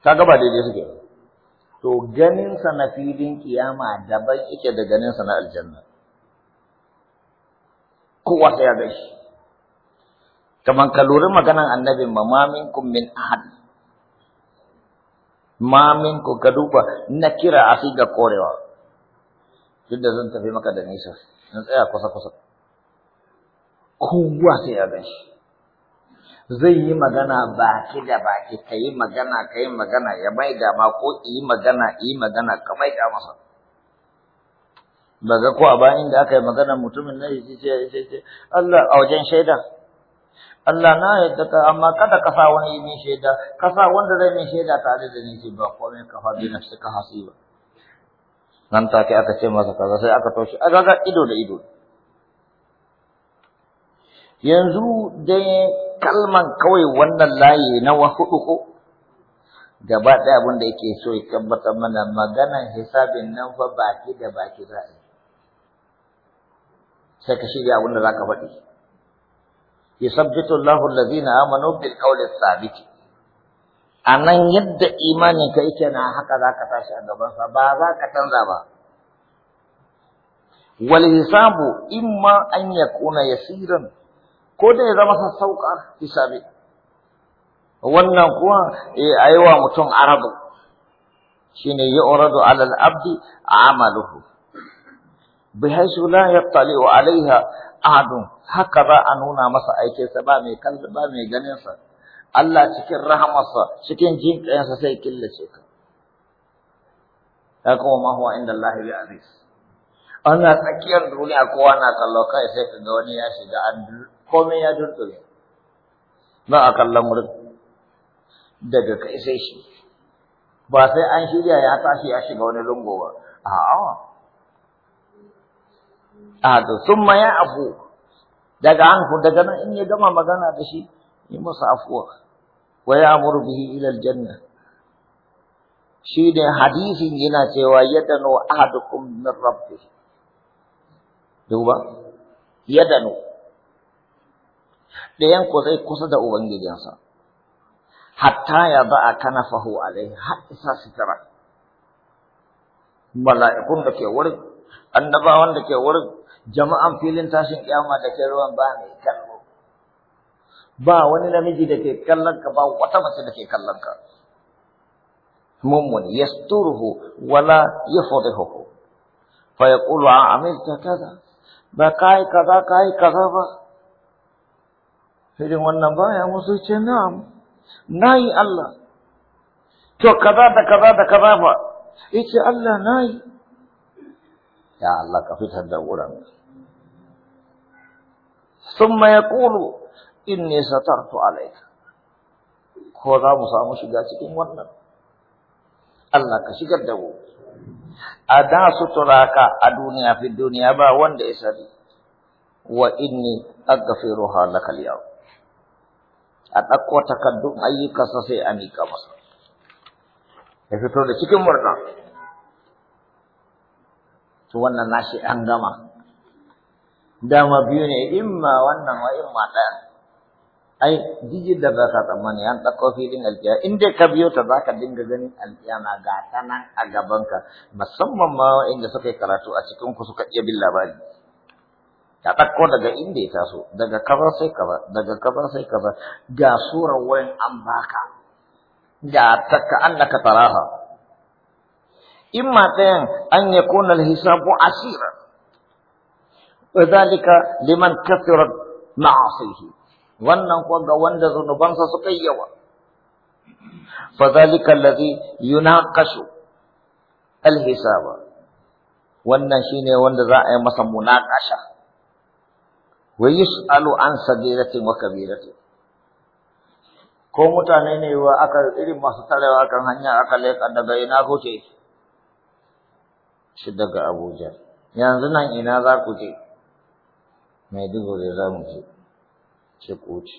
ka ga ba daidai suke ba to ganinsa na filin kiyama daban yake da ganinsa na aljanna kowa sai ya gashi kamar ka lura maganan annabin ba ma minkum min ahad mamin minkum ka duba na kira a ga korewa duk da zan tafi maka da nisa in tsaya kusa kusa kowa sai ya gashi zai yi magana baki da baki ka yi magana ka yi magana ya mai ma ko yi magana yi magana ka mai masa daga ko a bayan da aka yi magana mutumin na yi ce ce ce Allah a wajen shaida Allah na yadda ka amma kada ka sa wani yi shaida ka sa wanda zai min shaida tare da ni ce ba komai ka fa bi nafsi ka hasiba nan take aka ce masa kaza sai aka toshe a ga ido da ido yanzu dai kalman kawai wannan layi na huɗu ko gaba ɗaya abin da yake so ya tabbatar mana maganan hisabin nan fa baki da baki za a yi sai ka shirya abin da za ka faɗi yusabbitu Allahu allazina amanu bil qawli thabit anan yadda imanin ka yake na haka za ka tashi a gaban ba za ka canza ba wal hisabu imma an yakuna yasiran ko da ya zama sassauƙa hisabi wannan kuwa eh, a yi wa mutum arabu shine yu'radu uradu alal abdi 'amaluhu bihaythu la wa alaiha Adun. haka ba a nuna masa sa ba mai ba mai ganinsa Allah cikin rahamarsa cikin jinƙayensa sai killace ka haka ma huwa inda Allah ya aziz ana tsakiyar duniya kowa na kallo kai sai ka ga wani ya shiga an komai ya durtule ba a kallon wurin daga kai sai shi ba sai an shirya ya tashi ya shiga wani lungo ba a'a a to sun maya abu daga an ku daga nan in ya gama magana da shi yi masa afuwa wa ya amuru bihi ila aljanna shi ne hadisin yana cewa yadda yadanu ahadukum min rabbih duba yadanu ɗayan ko zai kusa da ubangijinsa hatta ya ba a kana fahu alaihi har isa sitara mala'ikun da ke wurin annabawan da ke wurin jama'an filin tashin kiyama da ke ruwan ba mai kallo ba wani namiji da ke kallon ka ba wata mace da ke kallon ka mummuni sturuhu wala ya yafdihuhu fa ya kulu a amince kaza ba yi kaza ka yi kaza ba irin wannan baya musu ce na'am nayi Allah to kaza da kaza da kaza fa yace Allah nayi ya Allah ka fitar da wurin ثم يقول inni satartu alayka ko za mu samu shiga cikin wannan Allah ka shigar da mu a da suturaka a duniya fi duniya ba wanda ya sani wa inni aghfiruha laka al-yawm a ɗauko takardun ayyukansa sai a miƙa masa ya fito da cikin murna to wannan nashi an gama dama biyu ne imma wannan wa imma ɗaya ai jiji da za ka tsammani an ɗauko filin alƙiya in dai ka biyo ta za ka dinga ganin alƙiyama ga ta nan a gabanka musamman ma inda suka yi karatu a cikin ku suka iya bin labari ta ɗauko daga inda ya taso daga kabar sai kabar, daga kabar sai kabar. ga surar wurin an baka da taka annaka taraha imma tayan an kona hisabu asira wadhalika liman kathirat ma'asihi wannan ko ga wanda zunubansa suka yi yawa fadhalika allazi yunaqashu alhisaba wannan shine wanda za a yi masa munakasha ويسأل عن صغيرة وكبيرة ko mutane ne wa aka irin masu tarewa kan hanya aka leƙa daga ina kuke shi daga Abuja yanzu nan ina za ku je da za mu je ce kuce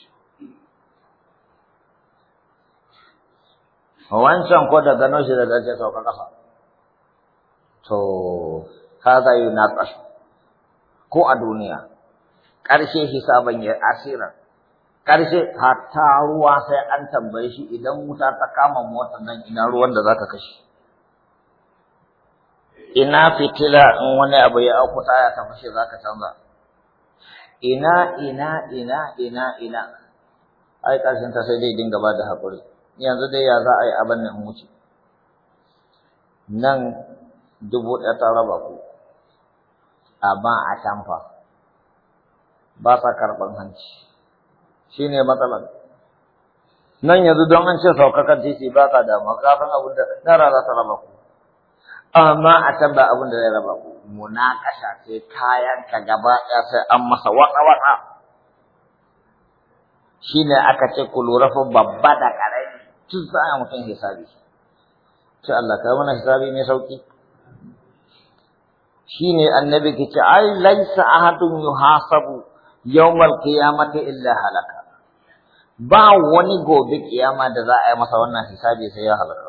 wancan ko daga nan shi daga ce sauka kafa to na ƙasa ko a duniya ƙarshe hisaban ya asira ƙarshe hatta ruwa sai an tambaye shi idan wuta ta kama motar nan ina ruwan da zaka kashe ina fitila in wani abu ya auku taya ta fashe zaka canza ina ina ina ina ina ai ƙarshen ta sai dai dinga ba da haƙuri yanzu dai ya za a yi abin nan wuce nan dubu ɗaya ta raba ku amma a tamfa ba sa karɓar hanci shi ne matsalar nan yanzu don an ce saukakar titi ba ka damuwa kafin abin da nara za ta raba ku amma a can ba abin da zai raba ku munakasha sai kayan ka gaba ya sai an masa wata wata shi ne aka ce ku lura fa babba da ƙarai tun za a mutum hisabi ce Allah ka mana hisabi mai sauki ne annabi ce ai laisa ahadun yuhasabu يوم القيامة إلا هلكا با وني غوبي قيامة دزا أي مسوانا حسابي سيهلك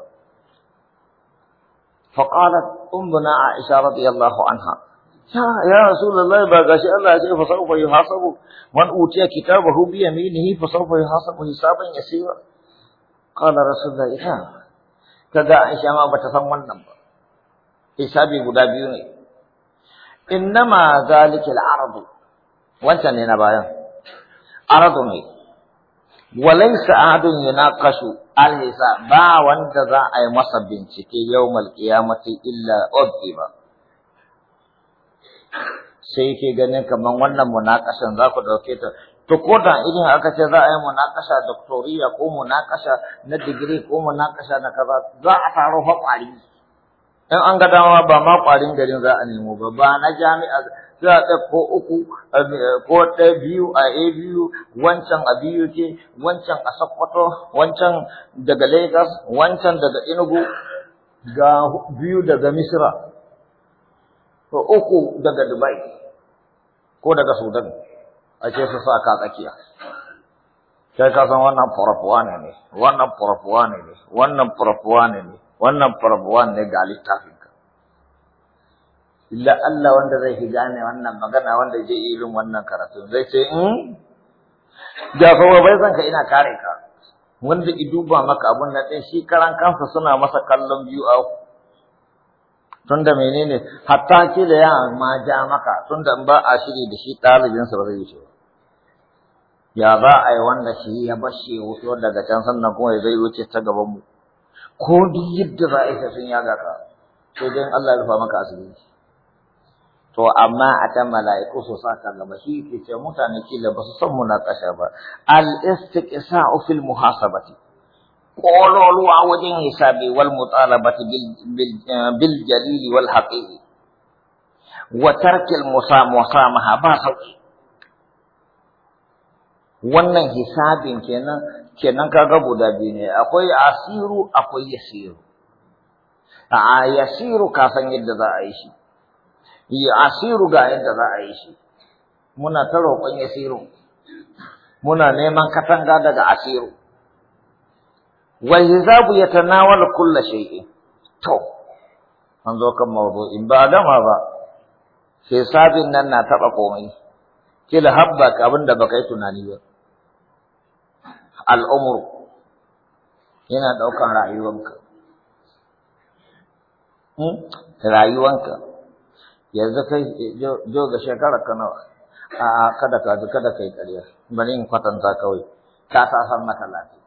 فقالت أمنا عائشة رضي الله عنها يا رسول الله بغاشي الله يسير فسوف يحاسب من أوتي كتابه بيمينه فسوف يحاسب حسابا يسير قال رسول الله إيه كدا عائشة ما بتسمى النمبر حسابي قدابيوني إنما ذلك العرض wancan ne na bayan aradu ne walaysa ahadun yunaqashu alhisa ba wanda za a yi masa bincike yawmal qiyamati illa ba. sai ke ganin kaman wannan munakashan za ku dauke ta to ko da irin aka ce za a yi munakasha doktoriya ko munakasha na digiri ko munakasha na kaza za a taro haƙari. in an ga dama ba ma ƙwarin garin za a nemo ba ba na jami'a za a ɗauko uku ko ɗaya biyu a a biyu wancan a biyu ke wancan a sokoto wancan daga lagos wancan daga enugu ga biyu daga misira ko uku daga dubai ko daga sudan a ce su sa ka tsakiya kai ka san wannan farafuwa ne ne wannan farafuwa ne ne wannan farafuwa ne ne wannan farbuwan ne ga littafinka illa Allah wanda zai fi gane wannan magana wanda zai yi irin wannan karatu zai ce in hmm? jafawa bai san ka ina kare ka wanda ki duba maka abun nan din shi karan kansa suna masa kallon biyu a tunda menene hatta ki da ya ma ja maka tunda in ba a shiri da shi ɗalibinsa sa ba zai ce ya ba a yi wanda shi ya bashe wuto daga can sannan kuma zai wuce ta gaban mu ko duk yadda za a sun yaga ka sai dai Allah ya rufa maka asiri to amma a can mala'iku su saka gaba shi ke ce mutane kila ba su san munakasha ba al istiqsa'u fil muhasabati kololuwa wajen hisabi wal mutalabati bil jalili wal haqiqi wa tarkil musamaha ba sauki wannan hisabin kenan kenan kaga guda biyu ne akwai asiru akwai yasiru a yasiru ka san yadda za a yi shi asiru ga yadda za a yi shi muna ta roƙon yasiru muna neman katanga daga asiru wa hisabu yatanawal kulla shay'in to an zo kan in ba dama ba hisabin nan na taɓa komai kila habba abin da baka yi tunani ba al’umur yana ɗaukan rayuwanka hmm? rayuwanka yanzu kai jo ga shekara ka nawa a kada ka ji kada kai ƙarya bari in kwatanta kawai ka ta san maka lafiya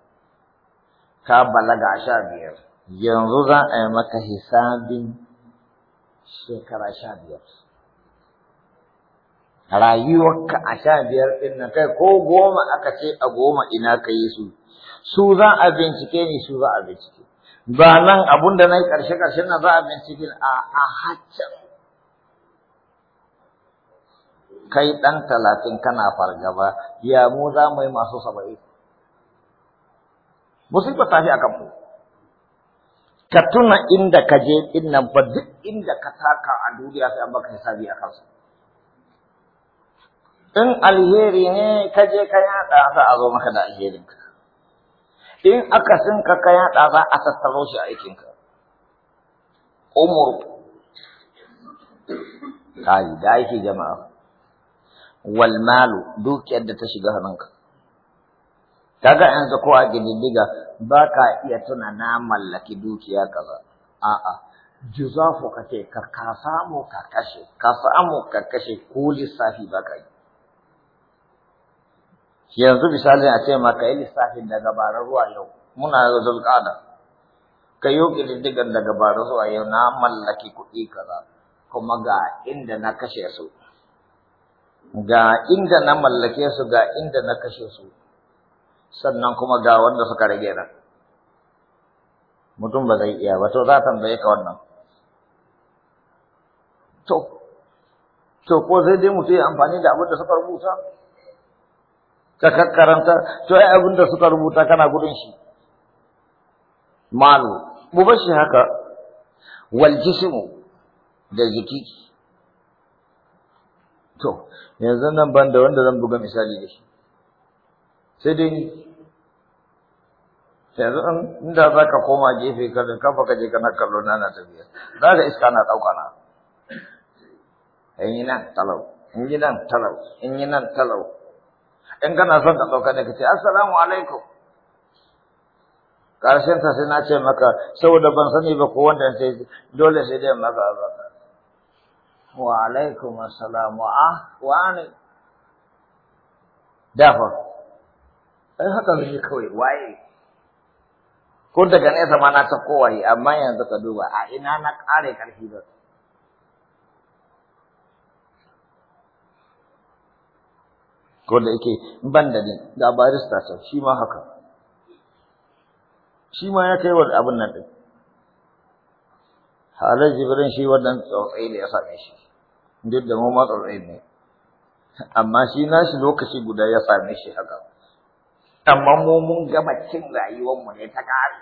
ka balaga a sha biyar yanzu za a yi maka hisabin shekara sha biyar rayuwarka a sha biyar ɗin nan kai ko goma aka ce a goma ina ka yi su su za a bincike ni su za a bincike ba nan abun da na yi ƙarshe ƙarshe na za a bincike a a haccan kai ɗan talatin kana fargaba ya mu za mu yi masu saba'i musibar ta fi a kanmu ka tuna inda ka je ɗin nan ba duk inda ka taka a duniya sai an baka hisabi a kansu in alheri ne ka je ka yada za a zo maka da alherinka in aka sun ka ka yada za a tattaro shi aikinka umur kai da yake jama'a wal malu dukiyar da ta shiga hannunka kaga yanzu ko a gididdiga ba ka iya tuna na mallaki dukiya kaza a'a juzafu ka ce ka samu ka kashe ka samu ka kashe ko lissafi ba ka yi yanzu misali a ce maka yi lissafin daga bara zuwa yau muna da zulƙada ka yi ƙididdigan daga bara zuwa yau na mallaki kuɗi kaza kuma ga inda na kashe su ga inda na mallake su ga inda na kashe su sannan kuma ga wanda suka rage nan mutum ba zai iya ba to za tambaye ka wannan to to ko zai dai mutum ya amfani da abin da suka rubuta ka kakkaranta to ai abin da suka rubuta kana gudun shi malu mu bar shi haka wal jismu da jiki to yanzu nan ban da wanda zan buga misali da shi sai dai yanzu inda za ka koma gefe kada kafa ka je kana kallo na na tafiya za ka iska na ɗauka na in yi nan talau in yi nan talau in yi nan talau in kana son ka sauka daga ce assalamu alaikum karshen ta sai na ce maka saboda ban sani ba ko wanda sai dole sai dai maka ba wa alaikum assalamu a wa ne dafa ai haka ne kawai waye ko daga nesa ma na ta kowaye amma yanzu ka duba a ina na kare karfi ba ko da yake ban da ni da barista ce shi ma haka shi ma ya kai wa abin nan din halar jibrin shi wannan tsotsai ne ya same shi duk da mu ma tsotsai ne amma shi nashi lokaci guda ya same shi haka amma mu mun gama cin rayuwar mu ne ta kare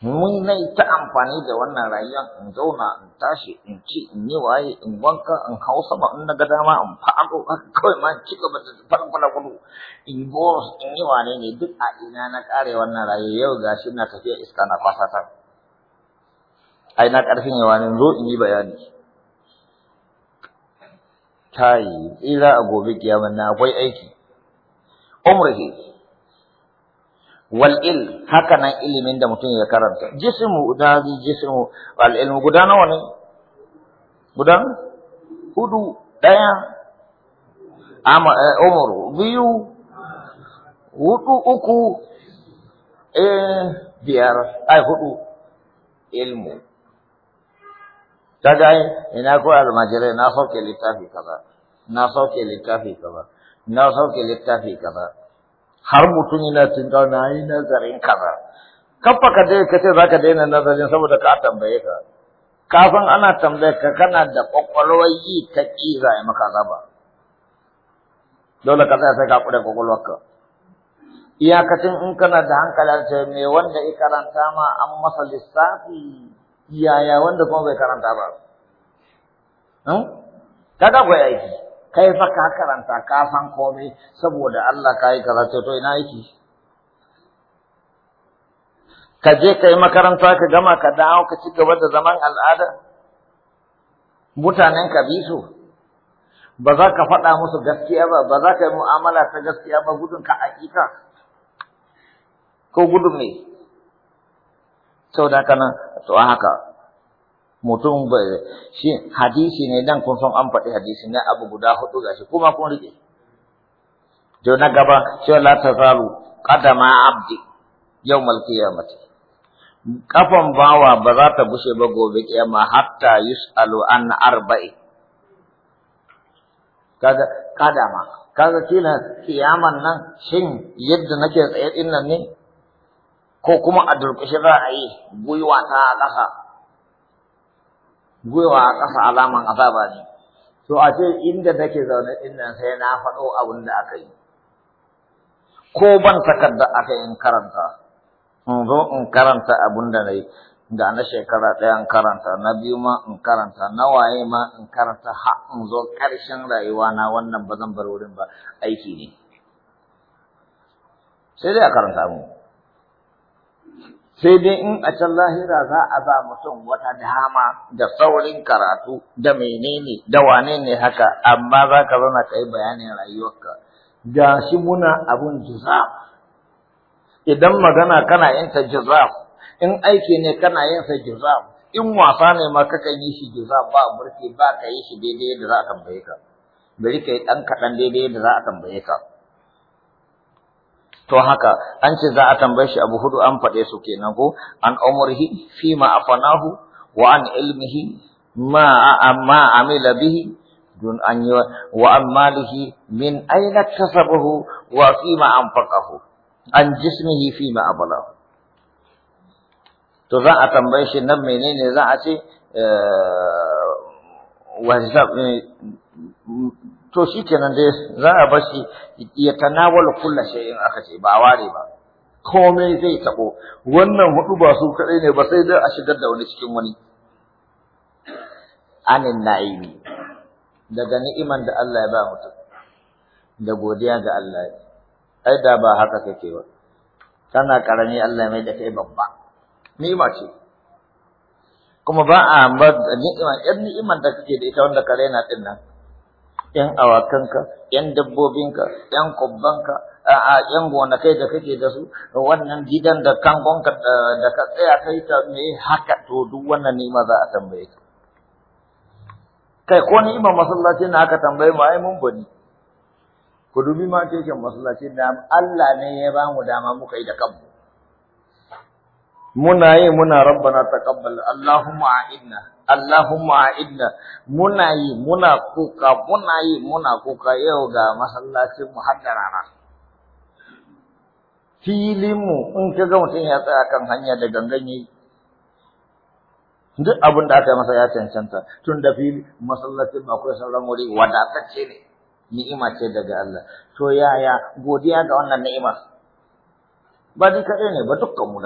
mun nai ta amfani da wannan rayuwar in zauna in tashi in ci in yi waye in wanka in hau sama in na ga dama in faɗo kawai ma ci gaba da farfara gudu in boros in yi wane ne duk a ina na kare wannan rayuwar yau gashi na tafiya iska na kwasa ta ai na ƙarfin yawa ne zo in yi bayani tayi ila a gobe kiyama na akwai aiki umrihi wal ilm haka nan ilimin da mutum ya karanta jismu da jismu wal ilm guda nawa ne guda hudu daya ama eh, umru biyu hudu uku eh biyar ai hudu ilmu kaga ina ko almajire na sauke littafi kaza na sauke littafi kaza na sauke littafi kaza har mutum yana tunkawa na yi nazarin kaza kafa ka dai ka ce za ka daina nazarin saboda ka tambaye ka kafin ana tambaye ka kana da kwakwalwar yi ta ƙi za maka zaba dole ka tsaya sai ka kure kwakwalwarka iyakacin in kana da hankali hankalarta mai wanda ya karanta ma an masa lissafi yaya wanda kuma bai karanta ba hmm? kaga akwai aiki kai fa ka karanta ka san komai saboda Allah ka yi to ina yake ka je ka makaranta ka gama ka dawo ka ci gaba da zaman al'ada mutanen ka bi su ba za ka faɗa musu gaskiya ba ba za ka yi mu'amala ta gaskiya ba gudun ka hakika ko gudun ne? sau da to haka mutum shi hadisi ne dan kun san an faɗi hadisi ne abu guda hudu gashi kuma kun rike to na gaba sai la zalu qadama abdi yawmal qiyamati kafan bawa ba za ta bushe ba gobe kiyama hatta yusalu an arba'i kaga ma. kaga kila kiyaman nan shin yadda nake tsaye din nan ne ko kuma a durƙushe za a yi gwiwa ta a gwiwa a ƙasa alaman azaba ne to a ce inda take zaune din sai na faɗo abin da aka yi ko ban takarda aka yi in karanta in zo in karanta abin da na yi da na shekara ɗaya in karanta na biyu ma in karanta na waye ma in karanta ha in zo ƙarshen rayuwa na wannan ba zan bar wurin ba aiki ne sai dai a karanta mu sai dai in a can lahira za a ba mutum wata dama da saurin karatu da menene da wane ne haka amma za ka zana ka yi bayanin rayuwarka ga shi muna abun jiza idan magana kana yin ta jiza in aiki ne kana yin sa jiza in wasa ne ma kakan yi shi jiza ba murfi ba ka yi shi daidai da za a tambaye ka bari ka yi ɗan kaɗan daidai da za a tambaye ka to haka an ce za a tambaye shi abu hudu an faɗe su kenan ko an umrihi fi ma afanahu wa an ilmihi ma amma amila bihi dun an yi wa an malihi min aina kasabahu wa fi ma anfaqahu an jismihi fi ma ablahu to za a tambaye shi nan menene za a ce eh, wa eh, to shi kenan dai za a bashi ya tanawalu kullu shay'in aka ce ba ware ba komai zai tabo wannan hudu ba su kadai ne ba sai dai a shigar da wani cikin wani anin na'imi daga ni'iman da Allah ya ba mutum da godiya ga Allah ai da ba haka kake ba kana karami Allah mai da kai babba ni'ima ce kuma ba a ni'ima ni'iman da kake da ita wanda kare na din nan ‘yan awakanka, ‘yan dabbobinka, ‘yan kubbanka, aa ‘yan gonakai da kake da su, wannan gidan da kangonka da ka tsaya kai ta me haka to duk wannan ma za a tambaye ka. Kai ko ni ni'imar masallaci na aka tambaye mu ai mun bani. Ku dubi ma keken masallaci da Allah ne ya ba mu dama muka yi da kanmu. Muna yi muna rabbana taqabbal Allahumma a'inna Allahumma inna muna yi muna kuka muna yi muna kuka yau ga masallacin mu har rana filin in ka ga mutum ya tsaya kan hanya da gangan yi. duk abin da aka masa ya cancanta tun da fili masallacin ba akwai sauran wuri wadatacce ne ni'ima ce daga Allah to yaya godiya ga wannan ni'ima ba dai kaɗai ne ba dukkan mu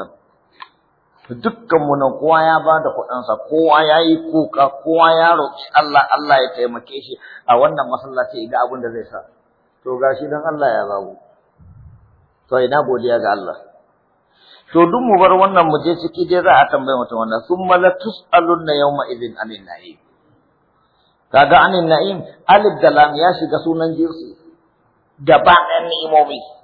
dukkanmu nan kowa ya ba da kuɗinsa kowa ya yi kuka kowa ya roƙi Allah Allah ya taimake shi a wannan masallaci ga abin da zai sa to gashi dan Allah ya babu to ina godiya ga Allah to duk mu bar wannan mu je ciki dai za a tambaye mutum wannan summa la tusalunna yawma idin anin na'im kaga anin na'im alif da lam ya shiga sunan jinsi gaba ɗayan ni'imomi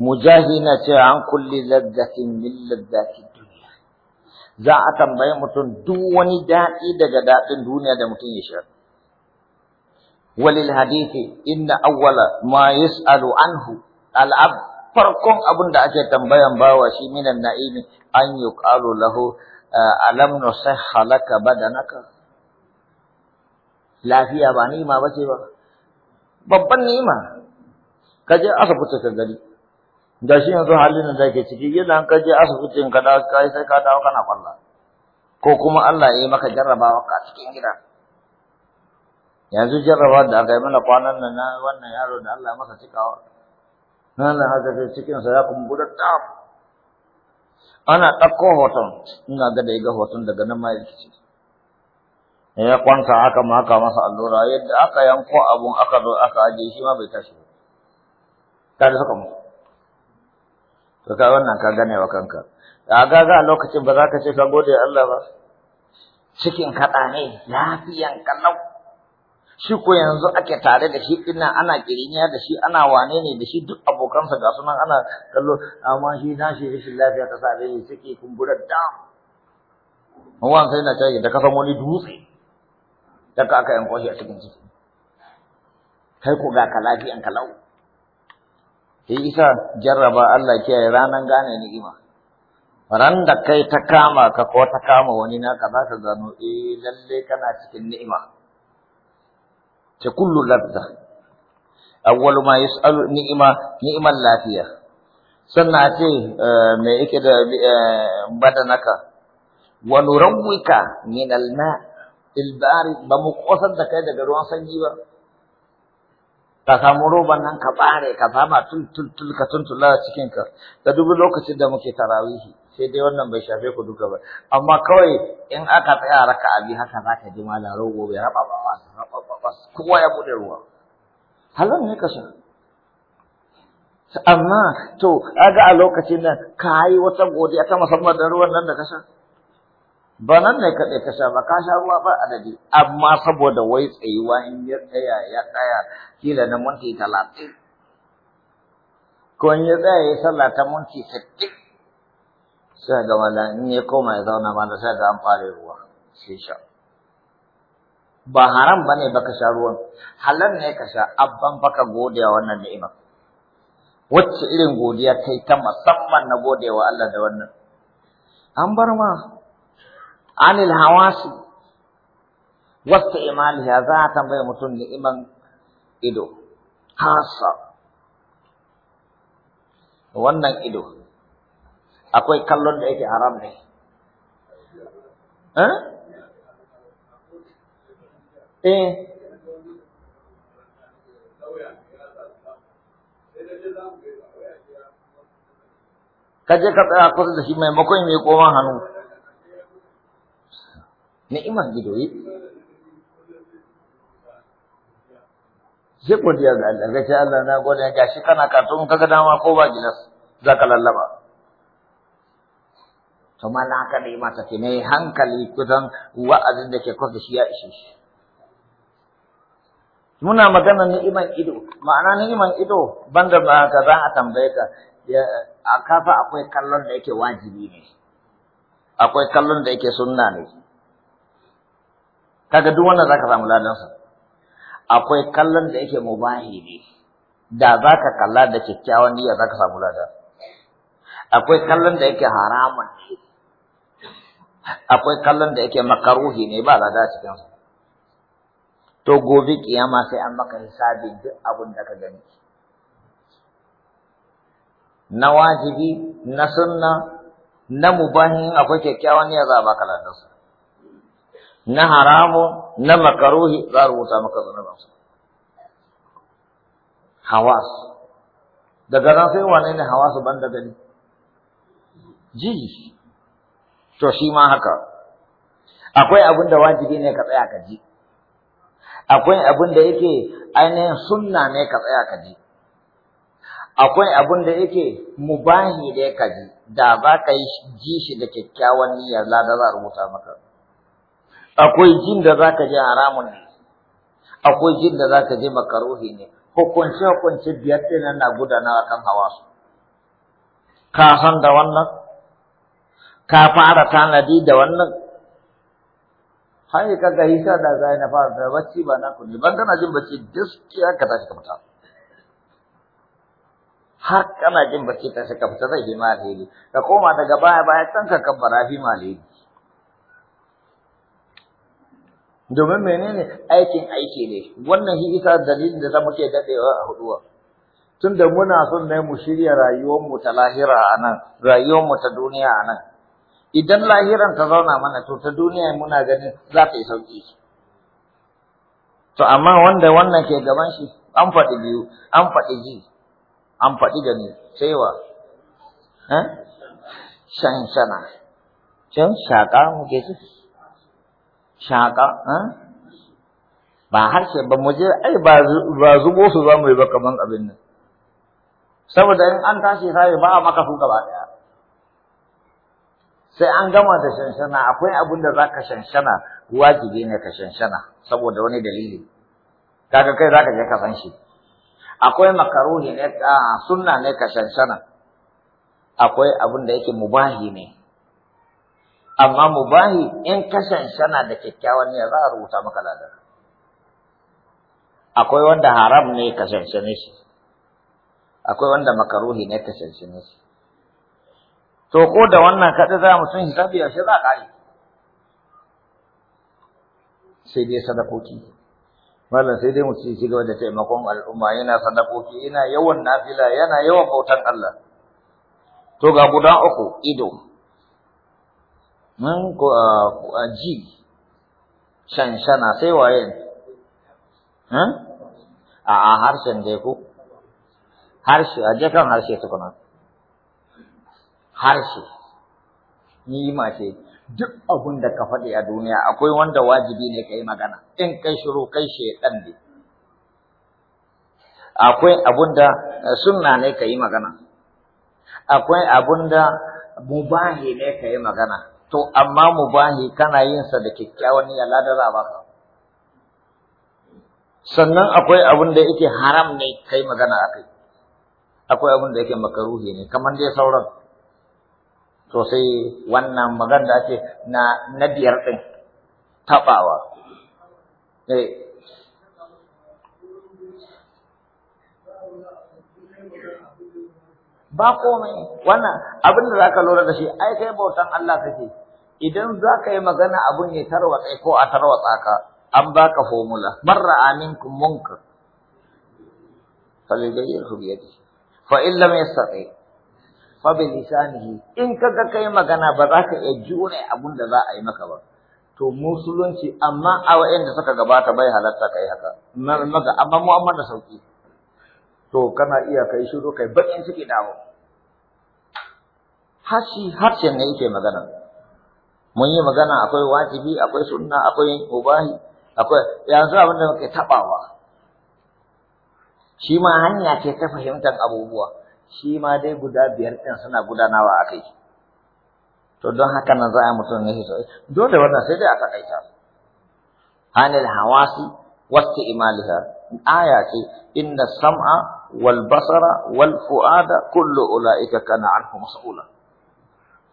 mujahina ce an kulli laddatin min laddati dunya za a tambaye mutum duk wani daɗi daga daɗin duniya da mutum ya sha walil hadithi inna awwala ma yus'alu anhu al'ab farkon abin da ake tambayan bawa shi minan na'imi an yuqalu lahu alam nusahha laka badanaka lafiya ba ni'ima bace ba babban ni'ima kaje asibiti ka gari. da shi yanzu halin da ke ciki yadda an kaje asibitin ka da kai sai ka dawo kana kwalla ko kuma Allah ya yi maka jarrabawa ka cikin gida yanzu jarrabawa da aka yi mana kwanan nan wannan yaro da Allah masa cikawa nan haka sai cikin sa ya kumbura ta. ana ɗauko hoton ina ga da ga hoton daga nan ma yake ya kwanta aka maka masa allura yadda aka yanko abun aka zo aka aje shi ma bai tashi ba Ta da suka mutu to ka wannan ka gane wa kanka a ga a lokacin ba za ka ce ka gode Allah ba cikin kaɗa ne lafiyan kalau shi ko yanzu ake tare da shi ina ana kiriniya da shi ana wane ne da shi duk abokansa ga sunan ana kallo amma shi na shi rashin lafiya ta sa rai suke kumburar da wannan sai na tayi da kafa wani dutse daga aka yanko shi a cikin ciki kai ko ga ka lafiyan kalau sai isa jarraba Allah kiyaye ranan gane ni'ima ran da kai ta kama ka ko ta kama wani na za ka gano eh lalle kana cikin ni'ima ta kullu ladda awwalu ma yas'alu ni'ima ni'imal lafiya sannan a ce eh, me yake da eh, badanaka wa nurawwika min al-ma' al-bari ba mu kosar da kai daga ruwan sanyi ba ka samu roban nan ka bare ka tul tul ka tuntula a cikin ka da duk lokacin da muke tarawihi sai dai wannan bai shafe ku duka ba amma kawai in aka tsaya raka abi haka zaka ji mala rogo bai raba ba raba ba kowa ya bude ruwa halan ne ka san amma to kaga a lokacin nan ka yi wata godiya ta musamman da ruwan nan da ka sha ba nan ne kaɗai ka sha ba ka sha ruwa ba adadi amma saboda wai tsayuwa in ya tsaya ya tsaya kila na minti talatin ko in ya tsaya ya sallah ta minti sittin sai ga wala in ya koma ya zauna ba da sai ga an fara ruwa sai sha ba haram ba ne baka sha ruwan halal ne ka sha abban baka gode wa wannan ni'imar wacce irin godiya kai ta musamman na gode wa Allah da wannan an bar ma anil hawasi wasu imaliya za a tambaya mutum ni'iman ido hasa wannan ido akwai kallon da yake haram ne eh, eh. ka ka tsaya kusa da shi maimakon ya koma hannu ni'imar gidoyi sai godiya ga Allah ga Allah na gode ga shi kana katon kaga dama ko ba gilas zaka lallaba to mana haka ne mata ne hankali kusan wa'azin da ke kwafi shi ya ishe shi muna magana ni'imar ido ma'ana ni'imar ido banda ba ka za a tambaye ka a kafa akwai kallon da yake wajibi ne akwai kallon da yake sunna ne kaga duk wannan zaka samu ladansa akwai kallon da yake mubahi ne da zaka kalla da kyakkyawan niyya zaka samu lada akwai kallon da yake haramun ne akwai kallon da yake makaruhi ne ba lada cikin sa to gobe kiyama sai an maka hisabin duk abin da ka gani na wajibi na sunna na mubahin akwai kyakkyawan niyya za a baka ladansa na haramu na makaruhi za a rubuta maka su. hawas daga nan sai wane ne hawasu ban da gani ji to shi ma haka akwai abin da wajibi ne ka tsaya ka ji akwai abin da yake ainihin sunna ne ka tsaya ka ji akwai abin da yake mubahi ne ka ji da za ka yi ji shi da kyakkyawan niyyar lada za rubuta maka akwai jin da za ka je haramun ne akwai jin da za ka je makaruhi ne hukunce-hukunce biyar nan na gudana kan hawa su ka san da wannan ka fara tanadi da wannan har ka ga isa da zai na fara da bacci ba na kunne ban kana jin bacci gaskiya ka tashi ka fita har kana jin bacci tashi ka fita zai yi ma alheri ka koma daga baya baya can ka kabbara fi domin menene aikin aiki ne wannan shi isa dalilin da muke dadewa a huduwa tunda muna son ne mu shirya rayuwar mu ta lahira anan rayuwar mu ta duniya anan idan lahiran ta zauna mana to ta duniya muna ganin za ta yi sauki to amma wanda wannan ke gaban shi an faɗi biyu an faɗi ji an faɗi gani eh shan shana shan shaka ke ciki shaƙa ba harshe ba mu je ai ba zubo su za mu yi ba kaman abin nan saboda in an tashi rayu ba a maka su gaba ɗaya sai an gama da shanshana akwai abin da za ka shanshana wajibi ne ka shanshana saboda wani dalili kaga kai za ka je ka san shi akwai makaruhi ne sunna ne ka shanshana akwai abin da yake mubahi ne amma mubahi in kashan shana da kyakkyawan ne za a rubuta maka ladar akwai wanda haram ne kasance shanshane shi akwai wanda makaruhi ne kasance shanshane shi to ko da wannan kaɗai za mu sun hisabi yaushe za a ƙare sai dai sadakoki malam sai dai mu ci shiga da taimakon al'umma yana sadakoki yana yawan nafila yana yawan bautan Allah to ga guda uku ido mun hmm, ko ah, ji shanshana ah, sai waye a hmm? a ah, harshen dai ko harshe a je kan harshe tukuna harshe ni ma ce duk abun da ka faɗi a duniya akwai wanda wajibi ne ka yi magana in kai shiru kai shaidan ne akwai abun da eh, sunna ne ka yi magana akwai abun da mubahi ne ka yi magana to amma mu mubahi kana yin sa da kyakkyawan niyya ladar a baka sannan akwai abin da yake haram ne kai magana akai akwai abin da yake makaruhi ne kamar dai sauran to sai wannan magana da ake na na biyar din tabawa eh ba komai wannan abin da zaka lura da shi ai kai bautan Allah kake idan zaka yi magana abun ya tarwatsa ko a tarwatsa ka an baka formula barra aminkum munkar falyughayyirhu bi yadihi fa in yastati fa bi lisanihi in ka ga kai magana ba za ka iya jure abun da za a yi maka ba to musulunci amma a da suka gabata bai halatta kai haka amma mu amma da sauki to kana iya kai shiru kai bakin suke dawo hashi harshen ne yake magana mun yi magana akwai wajibi akwai sunna akwai ubahi, akwai yanzu abin da muke tabawa shi ma hanya ce ta fahimtar abubuwa shi ma dai guda biyar ɗin suna gudanawa a kai to don haka nan za a mutum ne hiso dole wannan sai dai a takaita hanil hawasi wasti imaliha aya ce inna sam'a والبصر والفؤاد كل أولئك كان عنه مسؤولا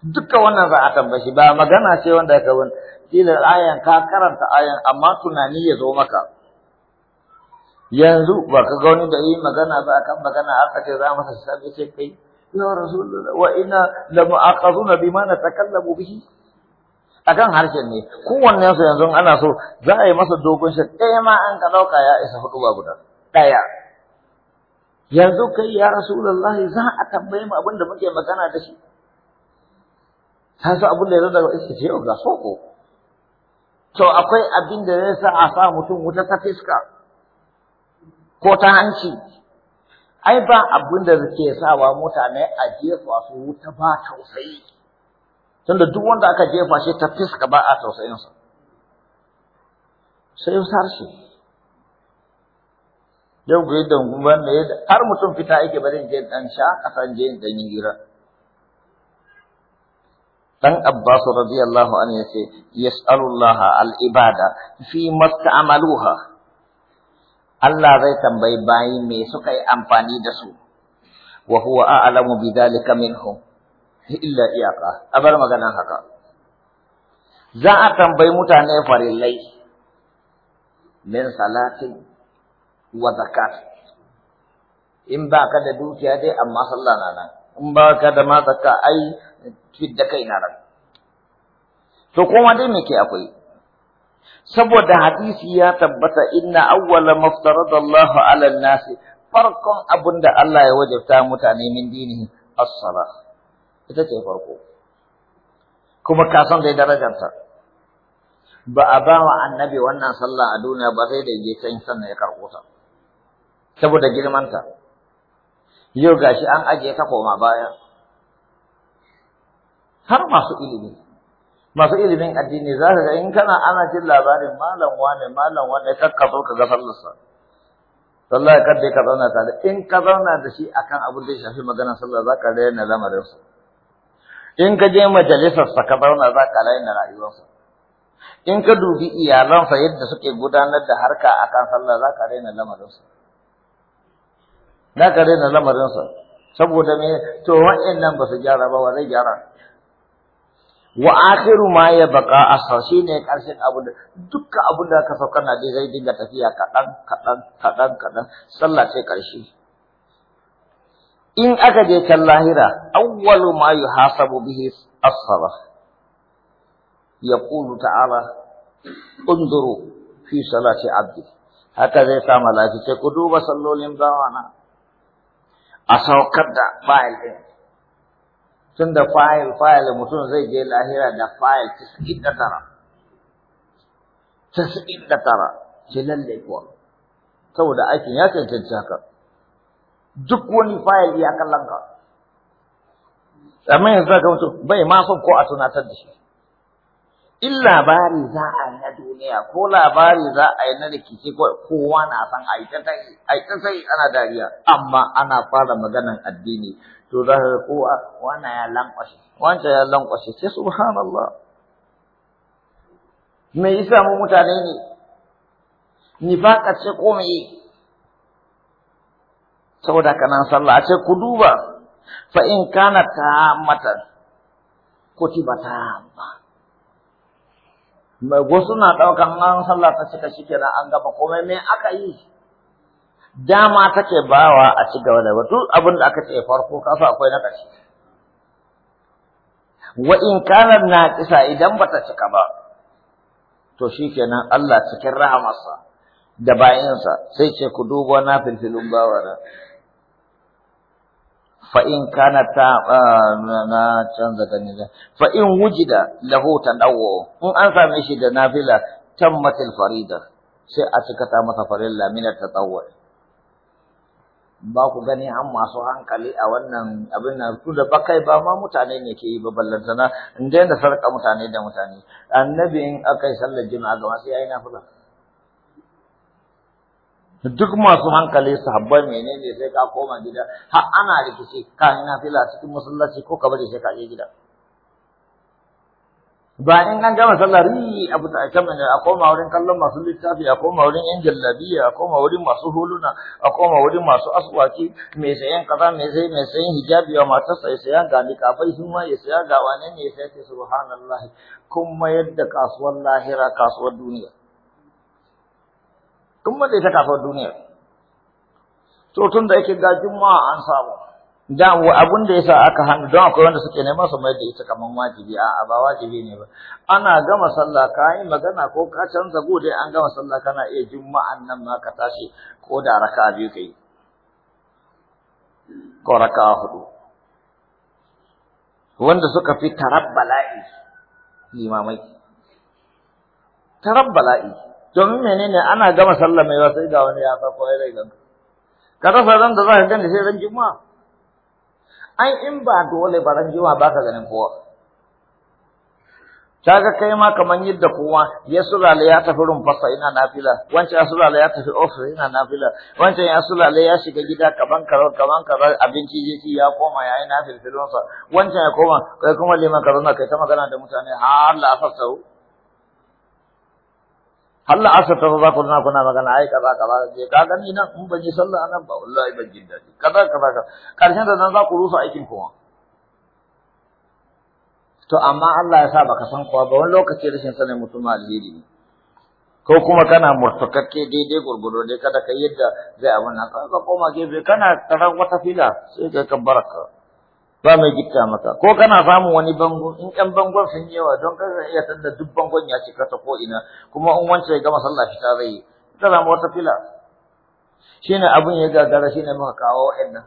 duka wannan za a tambashi ba magana ce wanda ka wani kila ayan ka karanta ayan amma tunani ya zo maka yanzu ba ka ga wani da yi magana ba akan magana aka ce za masa sabi ce kai ya rasulullah wa ina la mu'aqazuna bima natakallamu bihi akan harshen ne kowannen yanzu ana so za a yi masa dogon shi ɗaya ma an ka ɗauka ya isa hudu ba guda ɗaya yanzu kai ya rasulullah za a tambaye mu abin da muke magana da shi ta so abin da ya zo iska ce ga soko to akwai abin da ya sa a sa mutum wuta ta fiska ko ta hanci ai ba abin da ke sawa mutane a jefa su wuta ba tausayi tunda duk wanda aka jefa shi ta fiska ba a tausayinsa sai sarshe yau ga yadda wanda yadda har mutum fita yake barin zai je dan sha kasan je dan yi hira dan Abbas radiyallahu anhu yace yas'alullah al-ibada fi masta'maluha Allah zai tambayi bayi me suka yi amfani da su wa huwa a'lamu bidhalika minhum illa iyaqa abar maganan haka za a tambayi mutane farillai min salatin wa zakat in ba ka da dukiya dai amma sallah na nan in ba ka da ma zakka ai fit da kai na nan to kuma dai me ke akwai saboda hadisi ya tabbata inna awwala maftarada Allahu ala an-nas farkon abunda Allah ya wajabta mutane min dini as-salah ita ce farko kuma ka san dai darajarta ba a ba wa annabi wannan sallah a duniya ba sai da yake san sannan ya karɓo ta saboda girmanta yau gashi an ajiye ta koma baya har masu ilimi masu ilimin addini za ka ga in kana ana jin labarin malam wane malam wane kakka zo ka ga sallarsa sallah kar dai ka zauna tare in ka zauna da shi akan abin da ya shafi maganar sallah za ka raina lamarinsa in ka je majalisarsa ka zauna za ka raina rayuwarsa in ka dubi iyalansa yadda suke gudanar da harka akan sallah za ka raina lamarinsa za ka daina lamarinsa saboda me to wa'annan ba su gyara ba wa zai gyara wa akhiru ma ya baka asar shine ƙarshen abu da abunda abu da ka sauka na zai dinga tafiya kaɗan kaɗan kaɗan kaɗan sallah sai ƙarshe. in aka je kan lahira awwalu ma yuhasabu bihi as-salah yaqulu ta'ala unzuru fi salati abdi haka zai sa malaki ku duba sallolin bawana a saukar da fayil ɗin tun da fayil fayil mutum zai je lahira da fayil tasirin da tara Tasirin da tara ce lalle kuwa saboda aikin ya cancanci haka duk wani fayil ya kallon ka amma yanzu za ka mutu bai ma son ko a tunatar da shi in labari za a yi na duniya ko labari za a yi na rikici kowa na san a yi ta sai ana dariya amma ana fara maganar addini to za ka kowa wannan ya lankwashe wancan ya lankwashe sai subhanallah me yasa mu mutane ne Ni nifaka ce ko me saboda kanan sallah ce ku duba fa in kana ta ti ba ta Mai wasu na ɗaukan an sallah ta cika shi kenan an gama komai me aka yi dama take bawa a ci gaba da wato abin da aka ce farko kasu akwai na ƙarshe wa in kana na kisa idan bata cika ba to shikenan Allah cikin rahamarsa da bayinsa sai ce ku duba na bawa bawana fa in kana ta na canza gani fa in wujida lahu tadawwu in an same shi da nafila tammatil farida sai a cika ta masa farilla min tatawwu ba ku gani an masu hankali a wannan abin nan su da bakai ba ma mutane ne ke yi ba ballantana in daina sarka mutane da mutane annabi in aka yi sallar juma'a ga masu yayi nafila duk masu hankali sahabbai menene sai ka koma gida har ana rikici ka ina fila cikin masallaci ko ka bari sai ka je gida ba in an gama sallah ri abu ta ne a koma wurin kallon masu littafi a koma wurin yan jallabiya a koma wurin masu huluna a koma wurin masu aswaki mai sayan kaza mai sai mai sayan hijabi wa mata sai saya ga ni kafai sun ma ya saya ga wane ne sai sai subhanallahi kuma yadda kasuwar lahira kasuwar duniya tun wanda ta kafar duniya to tun da yake ga juma'a an samu da abun da yasa aka hannu don akwai wanda suke neman su mai da ita kaman wajibi a'a ba wajibi ne ba ana gama sallah ka yi magana ko ka canza gode an gama sallah kana iya juma'an nan ma ka tashi ko da raka'a biyu kai ko raka'a hudu wanda suka fi tarabbala'i bala'i limamai tarab domin menene ana gama sallah mai wasu ga wani ya farko ya rage ka rasa ran da za ka gani sai ran juma'a ai in ba dole ba ran juma'a ba ka ganin kowa kaga kai ma kaman yadda kowa ya sulale ya tafi rumfasa ina nafila wancan ya sulale ya tafi ofis ina nafila wancan ya sulale ya shiga gida kaman karo kaman karo abinci ya ci ya koma ya yi nafilfilonsa wancan ya koma kai kuma liman karo na kai ta magana da mutane har la'afar sau Allah asar ta za ku na kuna magana ai kaza kaza je ka gani nan in ban yi sallah anan ba wallahi ban jin daɗi kaza kaza kaza karshen da nan za ku rusa aikin kuma to amma Allah ya sa baka san kowa ba wani lokaci rashin sanin mutum alheri ne ko kuma kana murtakakke daidai gurgudo dai kada ka yadda zai abin nan ka koma gefe kana tarar wata fila sai ka baraka ba mai gita maka ko kana samun wani bango in ɗan bangon sun yi yawa don kada iya tanda duk bangon ya cika ta ko ina kuma in wancan ya gama sallah fita zai yi ta zama wata fila Shi ne abin ya gagara ne maka kawo wa'annan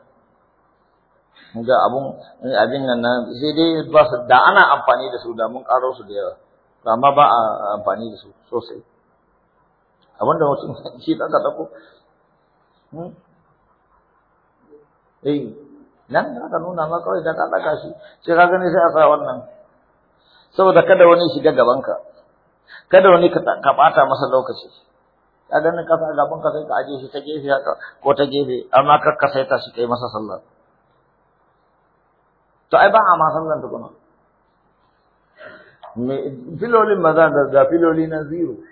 ga abun abin nan na sai dai ba su da ana amfani da su da mun su da yawa amma ba a amfani da su sosai abin da mutum [LAUGHS] shi ɗan ka ɗauko hmm? eh nan da aka nuna maka kawai da ka ɗaga shi sai ka gane sai a sa wannan saboda kada wani shiga gabanka kada wani ka bata masa lokaci ka gane ka sa ka sai ka aje shi ta gefe haka ko ta gefe amma ka ka saita shi kai masa sallah to ai ba a ma sallan tukuna filolin maza da filoli na zero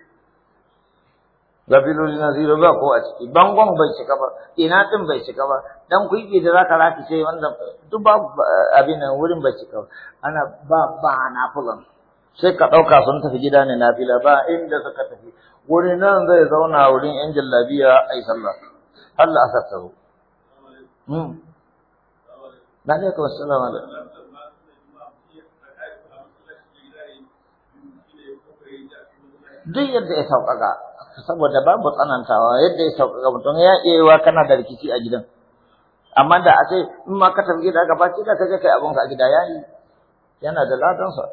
zabiloli na zero ba ko a ciki bangon bai cika ba ina ɗin bai cika ba dan yi da zaka zaki sai wanda duk ba eh, abin nan wurin bai cika ba ana ba ba nafilan sai ka dauka sun tafi gida ne na fila. ba inda suka tafi wuri nan zai zauna wurin yan jallabiya ai sallah Allah a sassaro hmm na ne ka assalamu alaikum duk yadda ya sauƙaƙa saboda babu tsanantawa yadda ya sauƙaƙa mutum ya iya yiwa kana da rikici a gidan amma da a in ma ka tafi gida ka baci ka je kai ka a gida ya yi. yana da ladansa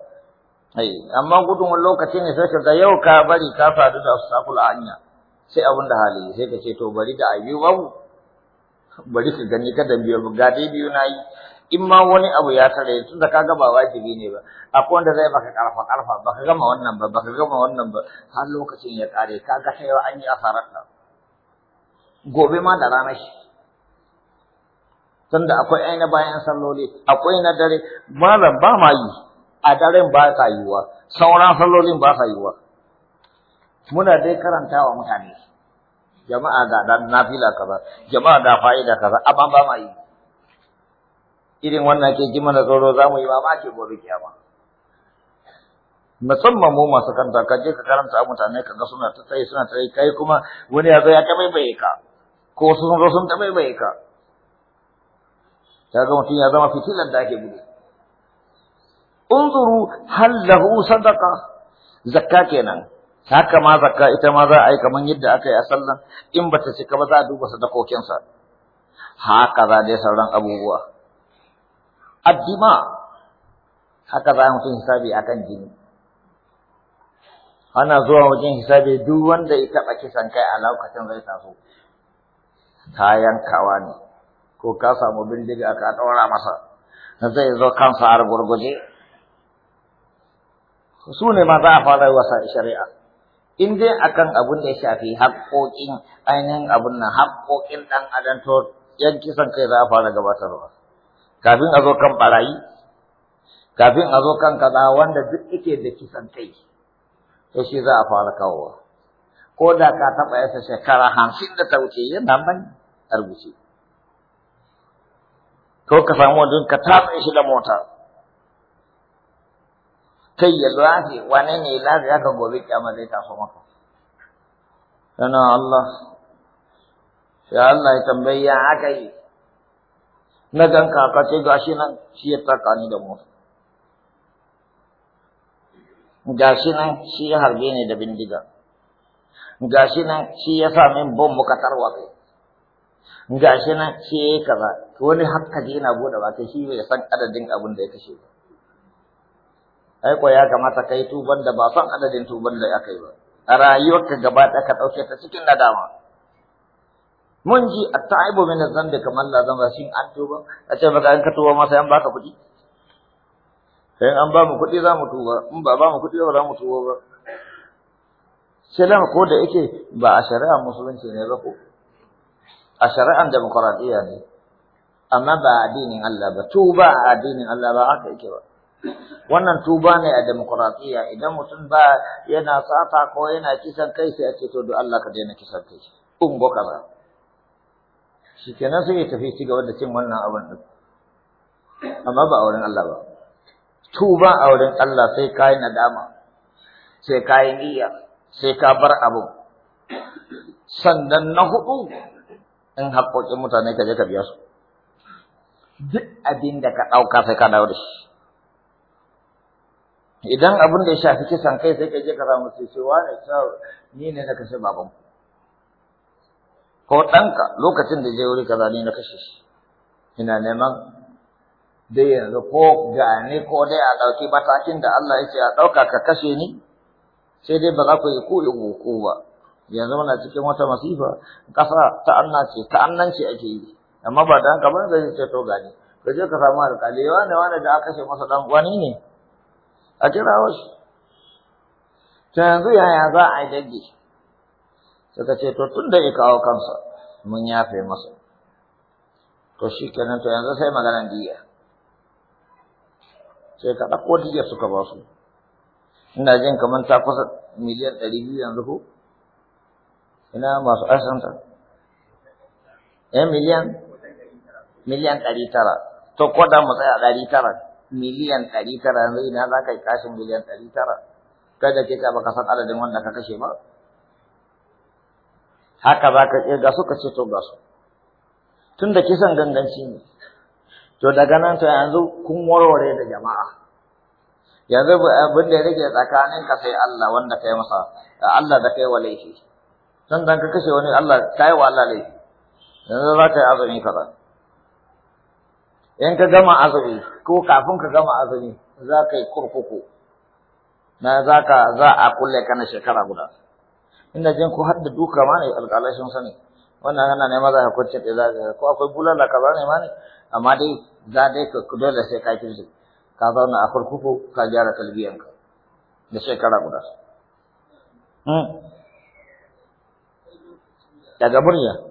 ai amma gudun wani lokaci ne sai ka yau ka bari ka faru da saful hanya, sai abin da hali sai ka ce to bari da yi babu bari ka gani kada biyo ga dai biyu yi in ma wani abu ya tare tun da kaga ba wajibi ne ba akwai wanda zai maka karfa karfa baka gama wannan ba baka gama wannan ba har lokacin ya kare kaga sai an yi asarar ka gobe ma da ranar shi tunda akwai aina bayan salloli akwai na dare malam ba ma yi a daren ba yi yiwa sauran sallolin ba yi yiwa muna dai wa mutane jama'a ga nafila kaza jama'a ga fa'ida kaza amma ba ma yi irin wannan ke jima da tsoro za mu yi mamaki gobe kiyama musamman mu masu kanta ka je ka karanta mutane ka ga suna ta tsaye suna tsaye kai kuma wani ya zo ya ta baibaye ka ko sun zo sun ta baibaye ka Ta ga mutum ya zama fitilan da ake gudu unzuru hal lahu sadaqa zakka kenan haka ma zakka ita ma za a yi kamar yadda aka yi a sallan in bata cika ba za a duba sadakokinsa haka za dai sauran abubuwa addima haka za mutum hisabi akan jini ana zuwa wajen hisabi duk wanda ya taɓa kisan kai a lokacin zai taso ta yankawa ne ko ka samu bindiga ka ɗora masa na zai zo kansa har gurguje su ne ma za a fara wasa shari'a in dai akan abun da ya shafi haƙoƙin ainihin abun nan haƙoƙin ɗan adam yan kisan kai za a fara gabatarwa kafin a zo kan barayi kafin a zo kan kaza wanda duk yake da kisan kai to shi za a fara kawowa ko da ka taɓa yasa shekara hamsin da ta wuce yana nan a rubuce ko ka samu wajen ka tafi shi da mota kai ya lafi wane ne lafi haka gobe kyama zai taso maka sana Allah ya Allah ya tambayi ya aka yi na ganka ka ce gashi nan shi ya taka ni da mota gashi nan shi ya harbe ni da bindiga gashi nan shi ya sa min bom muka tarwa kai gashi nan shi ya yi kaza wani hakka je yana bude ba kai shi bai san adadin abin da ya kashe ba ai ko ya kamata kai tuban da ba san adadin tuban da ya kai ba a rayuwarka gaba ɗaya ka ɗauke ta cikin nadama mun ji at-ta'ibu min adh-dhanbi kamar la zamba shin an tuba a ce maka an ka tuba ma sai an baka kuɗi sai eh, an ba mu kuɗi za mu tuba in ba ba mu kuɗi ba za mu tuba ba sai lama ko da yake ba a shari'a musulunci ne ba ko a shari'an demokradiyya ne amma ba addinin Allah ba tuba a addinin Allah ba haka yake ba wannan tuba ne a demokradiyya idan mutum ba yana sata ko yana kisan kai sai a ce to Allah ka daina kisan kai in boka ba shikenan sai ya tafi ci gaba da cin wannan abin din amma ba a wurin Allah ba tuba a wurin Allah sai kai nadama sai kai niyya sai ka bar abu sannan na hudu in haƙoƙin mutane ka je ka biya su duk abin da ka ɗauka sai ka dawo da shi idan abin da ya shafi kisan kai sai ka je ka samu sai ce ni ne na kashe babanku ko ɗanka lokacin da je wuri kaza ni na kashe shi ina neman dai yanzu ko gane ko dai a ɗauki matakin da Allah yake a ɗauka ka kashe ni sai dai ba za ku yi ko in ba yanzu muna cikin wata masifa ƙasa ta annance ta ake yi amma ba dan kaman zai ce to gani ka je ka samu alƙali wani wani da aka kashe masa dan wani ne a kira shi ta yanzu yaya za a yi dage suka ce to tun da ya kawo kansa mun yafe masa to shi kenan to yanzu sai maganan diya sai ka ɗauko diya suka ba su ina jin kamar ta kusa miliyan ɗari biyu yanzu ko ina masu arsanta ɗaya eh, miliyan miliyan ɗari tara to ko da mu tsaya ɗari tara miliyan ɗari tara yanzu ina za ka yi kashin miliyan ɗari tara kada ke ka baka san adadin wanda ka kashe ba haka za ka ƙirga su ka ce to ga su tun da kisan ganganci ne to daga nan to yanzu kun warware da jama'a yanzu abin da ya rage tsakanin ka sai Allah wanda kai masa Allah da kai wa laifi dan dan ka kashe wani Allah kai wa Allah laifi yanzu za ka yi azumi kaza in ka gama azumi ko kafin ka gama azumi za ka yi kurkuku na za ka za a kulle ka na shekara guda ina jin ko har da duka ma ne alƙalai sun sani wannan ana ne maza ka kwance da za ko akwai da ka ne ma ne amma dai za dai ka da sai ka kirje ka zauna a kurkuku ka gyara talbiyanka da shekara guda hmm. daga murya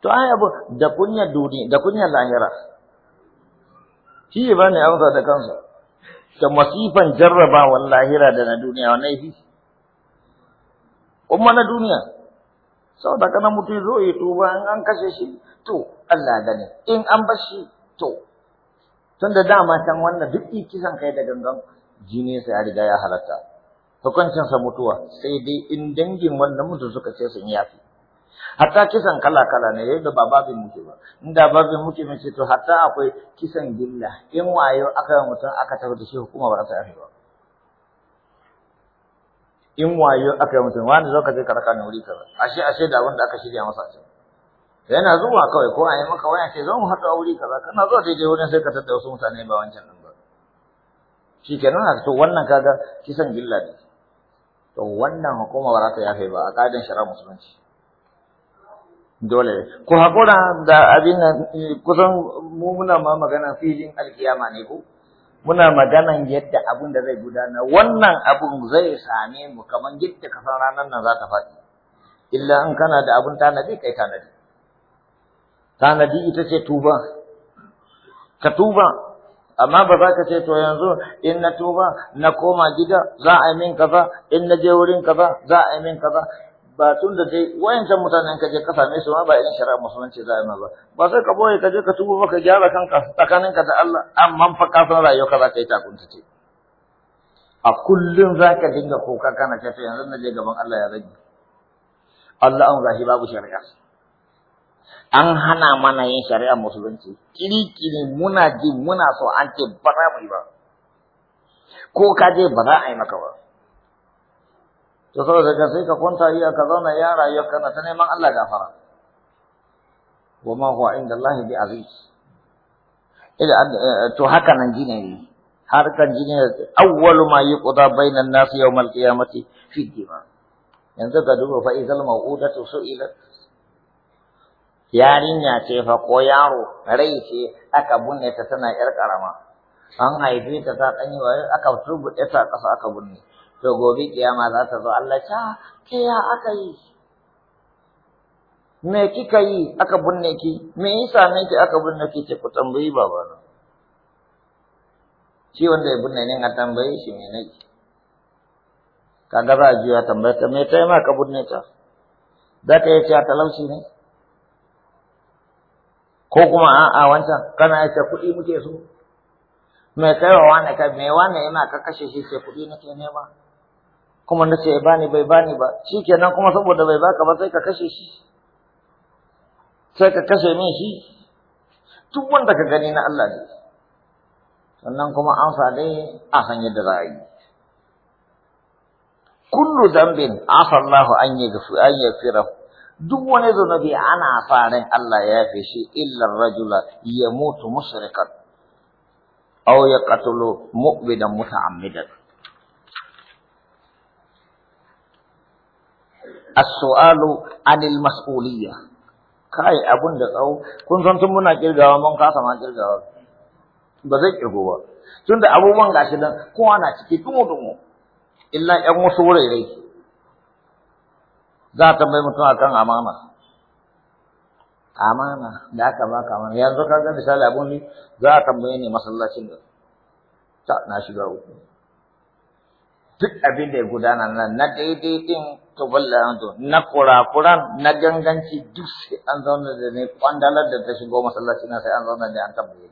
to ai abu da kunya duniya da kunya lahira shi ya bani amsa da kansa da masifan jarrabawan lahira da na duniya wannan yafi umma na duniya sau da kana mutu zo yi tuba in an kashe shi to Allah ne, in an bar shi to tunda dama can wannan duk kisan kai da gangan jini sai ya riga ya halatta hukuncinsa mutuwa sai dai in dangin wannan mutu suka ce sun yafi hatta kisan kala-kala ne yadda ba babin muke ba inda babin muke mai to hatta akwai kisan gilla in wayo aka yi mutum aka tafi da shi hukuma ba ta yafi ba in wayo aka yi mutum wani zo ka je karaka ne wuri kaza ashe ashe da abin da aka shirya masa ce yana zuwa kawai ko a yi maka waya ce zo mu haɗu a wuri kaza kana zuwa daidai wurin sai ka tattara wasu mutane ba wancan nan ba shi kenan to wannan kaga kisan gilla ne to wannan hukuma ba za ta yafe ba a ƙa'idar shari'ar musulunci dole ku hakura da abin kusan mu muna ma magana filin alkiyama ne ko muna magana yadda abun da zai gudana wannan abun zai same mu kamar yadda ka san ranar nan za ta faɗi illa in kana da abun tanadi kai tanadi tanadi ita ce tuba ka tuba amma ba za ka ce to yanzu in na tuba na koma gida za a yi min kaza in na je wurin kaza za a yi min kaza ba tun da dai wayancan mutanen ka je ka same su ma ba irin shari'a musulunci za a yi ma ba ba sai ka boye ka je ka tuba ba ka gyara kanka tsakaninka da Allah amma fa ka san rayuwa ka za ka yi takunta ce a kullum za ka dinga kuka kana ce to yanzu na je gaban Allah ya rage Allah an rahi babu shari'a an hana mana yin shari'ar musulunci kirikiri muna ji muna so an ce ba za mu yi ba ko ka je ba za a yi maka ba to saboda ka sai ka kwanta iya ka zauna ya rayuwa kana ta neman Allah gafara wa ma huwa inda Allah bi aziz ila eh, eh, to haka nan jine ne harkan jine awwalu ma yuqda bainan nas yawm al-qiyamati fi dima yanzu ka duba fa idal maw'udatu su'ilat yarinya ce fa ko yaro rai ce aka bunne ta tana yar karama an haife ta ta danyi waye aka turbuɗe ta ƙasa aka bunne to gobe kiyama za ta zo Allah ta ah, ke ya aka yi me kika yi aka bunne ki me yasa ne ki aka bunne ki ce ku tambayi babana shi wanda ya bunne ne a tambaye shi me ne kaga ba a juya tambaye ta me ta ma ka bunne ta za ta iya talauci ne ko kuma a'a wancan kana ce kuɗi muke so mai kaiwa wani kai mai wani yana ka kashe shi ce kuɗi nake nema kuma na ce bani bai bani ba shi kenan kuma saboda bai baka ba sai ka kashe shi sai ka kashe min shi duk wanda ka gani na Allah ne sannan kuma an sa dai a san yadda za a yi kullu zambin yi gafi an yaghfira duk wani zunubi ana farin Allah ya fi shi illar rajula ya mutu mushrikan aw ya da mu'bidan muta'ammidan as-su'alu anil mas'uliyya kai abun da tsau kun san tun muna kirgawa mun kasa ma kirgawa ba zai kirgo ba tunda abubuwan gashi nan kowa na ciki dumu dumu illa ƴan wasu wurare za a tambayi mutum kan amana amana da aka ka amana yanzu ka ga misali abun ne za a tambaye ne masallacin da ta na shiga uku duk abin da ya gudana nan na daidai din to balla na kurakuran na ganganci duk sai an zauna da ne kwandalar da ta shigo masallaci na sai an zauna da an tambaye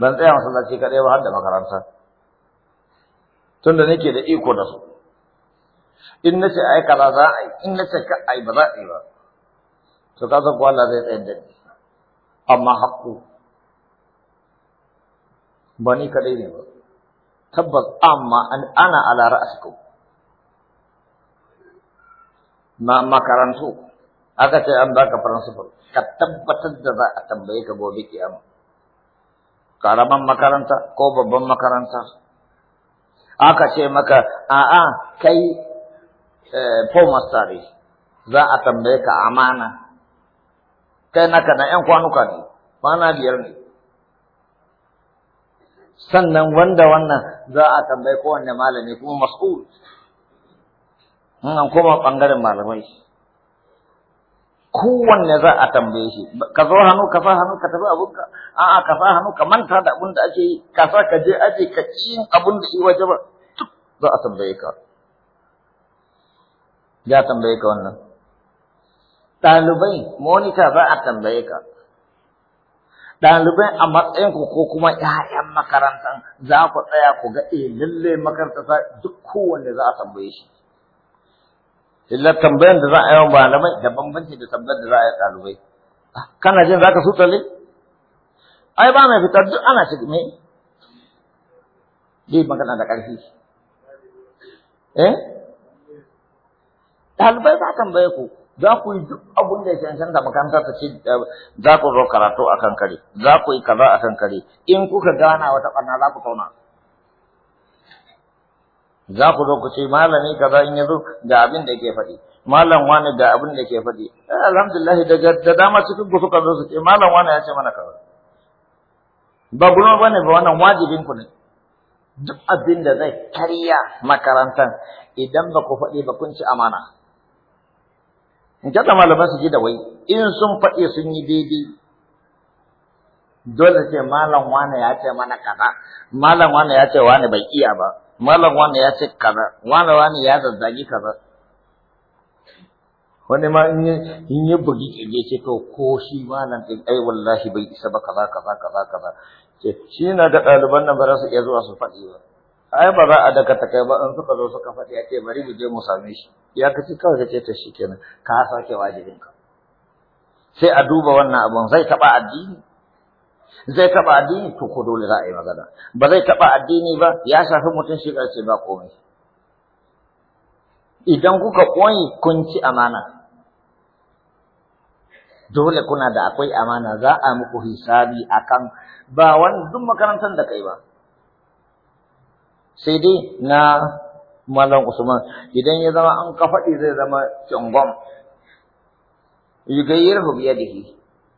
ban tsaya masallaci kaɗai ba har da makaranta tunda nake da iko da su in na ce ai kaza za a yi in na ce ka ai ba za a yi ba to ka san Allah zai tsayar da ni amma haƙƙo ba ni kaɗai ne ba tabbas amma ana ala ra'asiku na makarantu aka ce an baka principal ka tabbatar da za a tambaye ka gobe kiyama karaman makaranta ko babban makaranta aka ce maka a'a kai Eh, pomastari za a tambaye ka amana kai naka na ‘yan kwanuka ne kwana biyar ne sannan wanda wannan za a tambaye kowanne malami kuma mas'ul in an koma ɓangaren malamai kowanne za a tambaye shi ka zo hannu ka sa hannu ka tafi abunka. a'a ka sa hannu ka manta da abun da ake yi ka sa ka je aje ka ci abun da shi waje ba za a tambaye ka ya tambaye ka wannan ɗalibai monita za a tambaye ka ɗalibai a matsayinku ko kuma ‘ya'yan makarantar za ku tsaya ku ga e lalle makaranta duk kowanne za a tambaye shi. Illa tambayan da za a yi wa malamai da bambanci da tambayar da za a yi ɗalibai. Ah, kana jin za ka sutale? Ai ba mai fitar duk ana cikin me? Bai magana da ƙarfi. Eh? ɗalibai za tambaye ku za ku yi duk abin da ya da makaranta ta ce eh, za ku zo karatu a kan kare za ku yi kaza a kan kare in kuka gana wata ɓarna za ku tauna za ku zo ku ce malami kaza in ya zo ga abin da ke faɗi malam wani ga abin da ke faɗi eh, alhamdulillah daga da dama cikin ku suka zo su ce malam wani ya ce mana kaza ba ba ne ba wannan wajibin ku ne duk abin da zai karya makarantar idan ba ku faɗi ba kun ci amana in kada malaman su ji da wai in sun faɗe sun yi daidai dole ce malam wane ya ce mana kaza malam wane ya ce wane bai iya ba malam wane ya ce kaza wane wane ya zazzagi kaza wani ma in yi bugi kirje ce to ko shi malam din ai wallahi bai isa ba kaza kaza kaza kaza ce shi na ga ɗaliban nan ba za su iya zuwa su faɗi ba ai ba za a daka ta kai ba in suka zo suka faɗi a ce bari mu je mu same shi ya ci kawai ta shi kenan, ka ke wajibin ka sai a duba wannan abun zai taba addini zai taba addini to ko dole za a yi magana ba zai taba addini ba ya shafi mutum shi ce ba komai idan kuka koyi kun ci amana dole kuna da akwai amana za a muku hisabi akan ba wani duk makarantar da kai ba sai dai na Malam Usman idan ya zama an kafaɗi zai zama kyangwam yugayyirhu biyadihi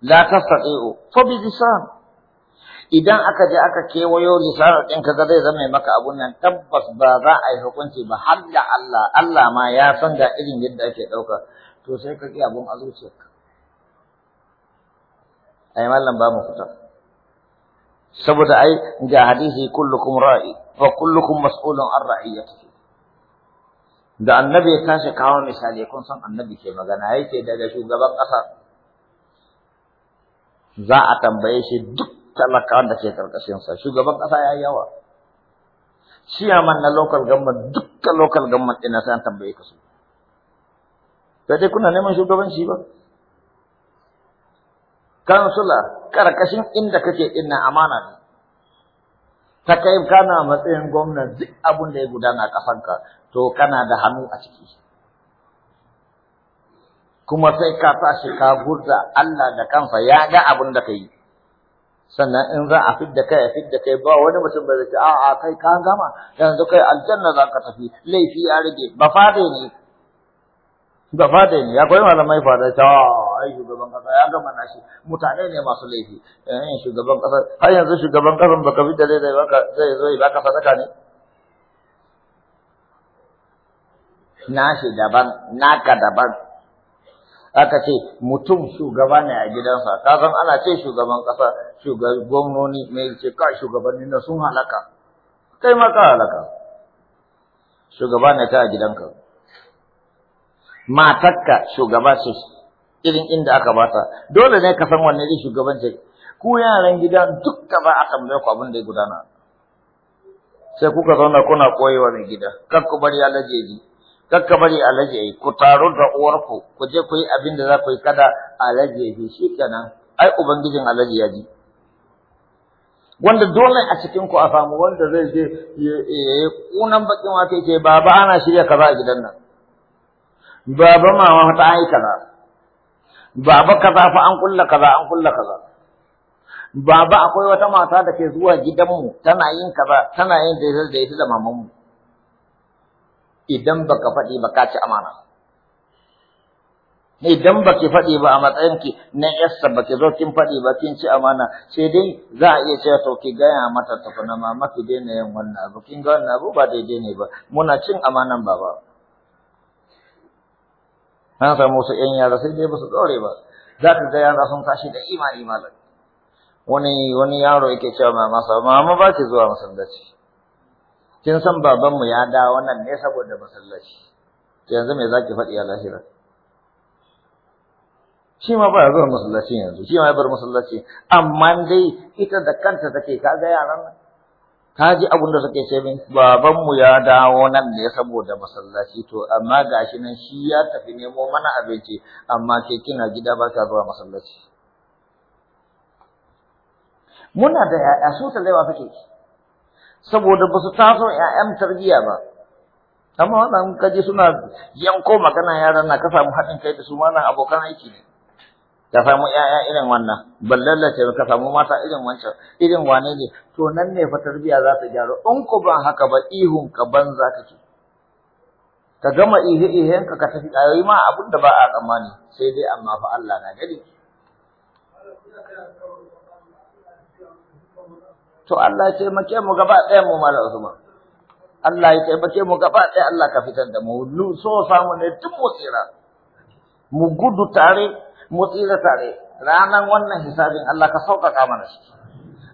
la tastati'u fa bi lisan idan aka je aka kewayo lisan din ka zai zama maka abun nan tabbas ba za a yi hukunci ba har da Allah Allah ma ya san ga irin yadda ake ɗauka to sai ka ki abun a zuciyarka ai mallam ba mu fita saboda ai ga hadisi kullukum ra'i fa kullukum mas'ulun an ra'iyatihi da annabi ya tashi kawo misali kun san annabi ke magana yake daga shugaban ƙasa za a tambaye shi duk talakawan da ke karkashin sa shugaban ƙasa ya yawa ciyaman na local government dukkan local government ina san tambaye ka su da dai kuna neman shugabanci ba kansula karkashin inda kake ɗin amana ne ta kai kana matsayin gwamna duk abun da ya gudana kafanka to kana da hannu a ciki kuma sai ka tashi ka gurza Allah da kansa ya ga abin da kai sannan in za a fidda kai a fidda kai ba wani mutum ba zai ce a'a kai ka gama yanzu kai aljanna za ka tafi laifi ya rage ba fade ne ba fade ne ya koyi malamai fada ta ai shugaban kasa ya gama nashi mutane ne masu laifi eh shugaban kasa har yanzu shugaban kasa baka bi da zai baka zai zo ya baka sadaka ne Na shi daban naka daban aka ce mutum shugaba ne a gidansa ka san ana ce shugaban kasa shugaban gwamnoni mai ce ka shugabanni na sun halaka kai ma ka halaka shugaba ne ta a gidanka matakka shugaba su irin inda aka bata dole ne ka san wanne ne shugabanci ku yaran gida duk gaba a mai ku abin da ya gudana sai kuka zauna kuna koyewa mai gida kar ku bari alaje ji kar ka bari alaje yi ku taru da uwarku ku je ku yi abin da za ku yi kada alaje ji kenan ai ubangijin alaje ya ji wanda dole a cikin ku a samu wanda zai je yayi kunan bakin wata yake baba ana shirya kaza a gidan nan baba mama ta aika kaza baba kaza fa an kulla kaza an kulla kaza baba akwai wata mata da ke zuwa gidanmu tana yin kaza tana yin daidai da ita da mamanmu idan baka faɗi ba ka ci amana idan baki faɗi ba a matsayinki na yassa ba ki zo kin faɗi ba kin ci amana sai dai za a iya cewa to ki gaya mata tafi na mama ki daina yin wannan abu kin ga wannan abu ba daidai ne ba muna cin amanan baba an samu wasu ƴan yara sai dai ba su ɗore ba za ka ga yara sun tashi da imani malam wani wani yaro yake cewa mama sa mama ba ki zuwa masallaci kin san baban mu ya da wannan ne saboda masallaci yanzu me zaki faɗi a lahira shi ma ba zuwa masallaci yanzu shi ma ya bar masallaci amma dai ita da kanta take kaga yaran nan Ta ji abin da suke ce min babanmu ya dawo nan ne saboda masallaci to amma gashi nan shi ya tafi nemo mana abinci amma ke kina gida ba ka zuwa masallaci muna da ya'ya su ta zaiwa fake saboda ba su taso ya'yan tarbiyya ba amma wannan kaji suna yanko magana yaran na ka samu haɗin kai da su ma abokan aiki ne ka samu ƴaƴa irin wannan ballallace ka samu mata irin wancan irin wane ne to nan ne fa tarbiya za ta gyara in ko ba haka ba ihun ka banza kake ka gama ihe ihen ka ka tafi ayoyi ma abin da ba a tsammani sai dai amma fa Allah na gani to Allah ya make mu gaba ɗaya mu mala Usman Allah ya taimake mu gaba ɗaya Allah ka fitar da mu so samu ne duk mu tsira mu gudu tare mu tsira tare ranan wannan hisabin Allah ka saukaka mana shi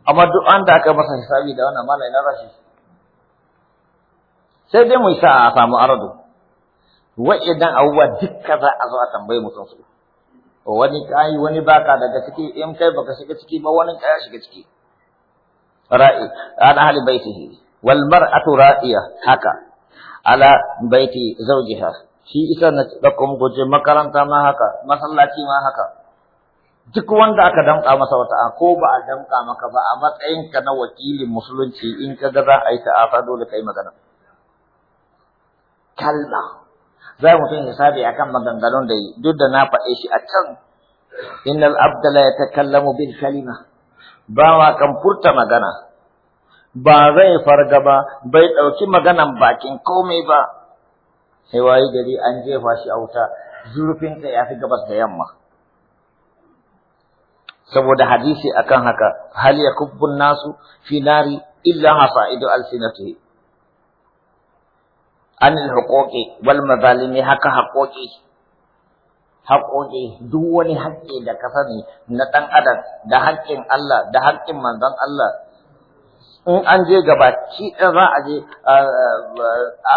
amma duk an da aka masa hisabi da wannan malai na rashi sai dai mu sa a samu aradu idan abubuwa dukka za a zo a tambaye mutum su wani kai wani baka daga ciki in kai baka shiga ciki ba wani kai ya shiga ciki ra'i an ahli baitihi wal mar'atu ra'iya haka ala baiti zawjiha shi isa na ɗauko muku ce makaranta ma haka masallaci ma haka duk wanda aka damƙa masa wata ko ba a damƙa maka ba a matsayin ka na wakilin musulunci in ka ga za a yi ta'afa dole ka yi magana kalma za mutum ya sabe akan maganganun da yi duk da na faɗe shi a can innal abdala ya yatakallamu bil kalima bawa kan furta magana ba zai farga ba bai ɗauki maganan bakin komai ba sai wayi gari an jefa shi a wuta zurfin ya fi gabas da yamma saboda hadisi akan haka hal yakubbu nasu fi nari illa hasaidu alsinatihi an alhuquqi wal mazalimi haka hakoki? Hakoki duk wani haƙƙi da ka sani na ɗan adam da haƙƙin Allah da haƙƙin manzon Allah in an je gaba shi ɗan za a je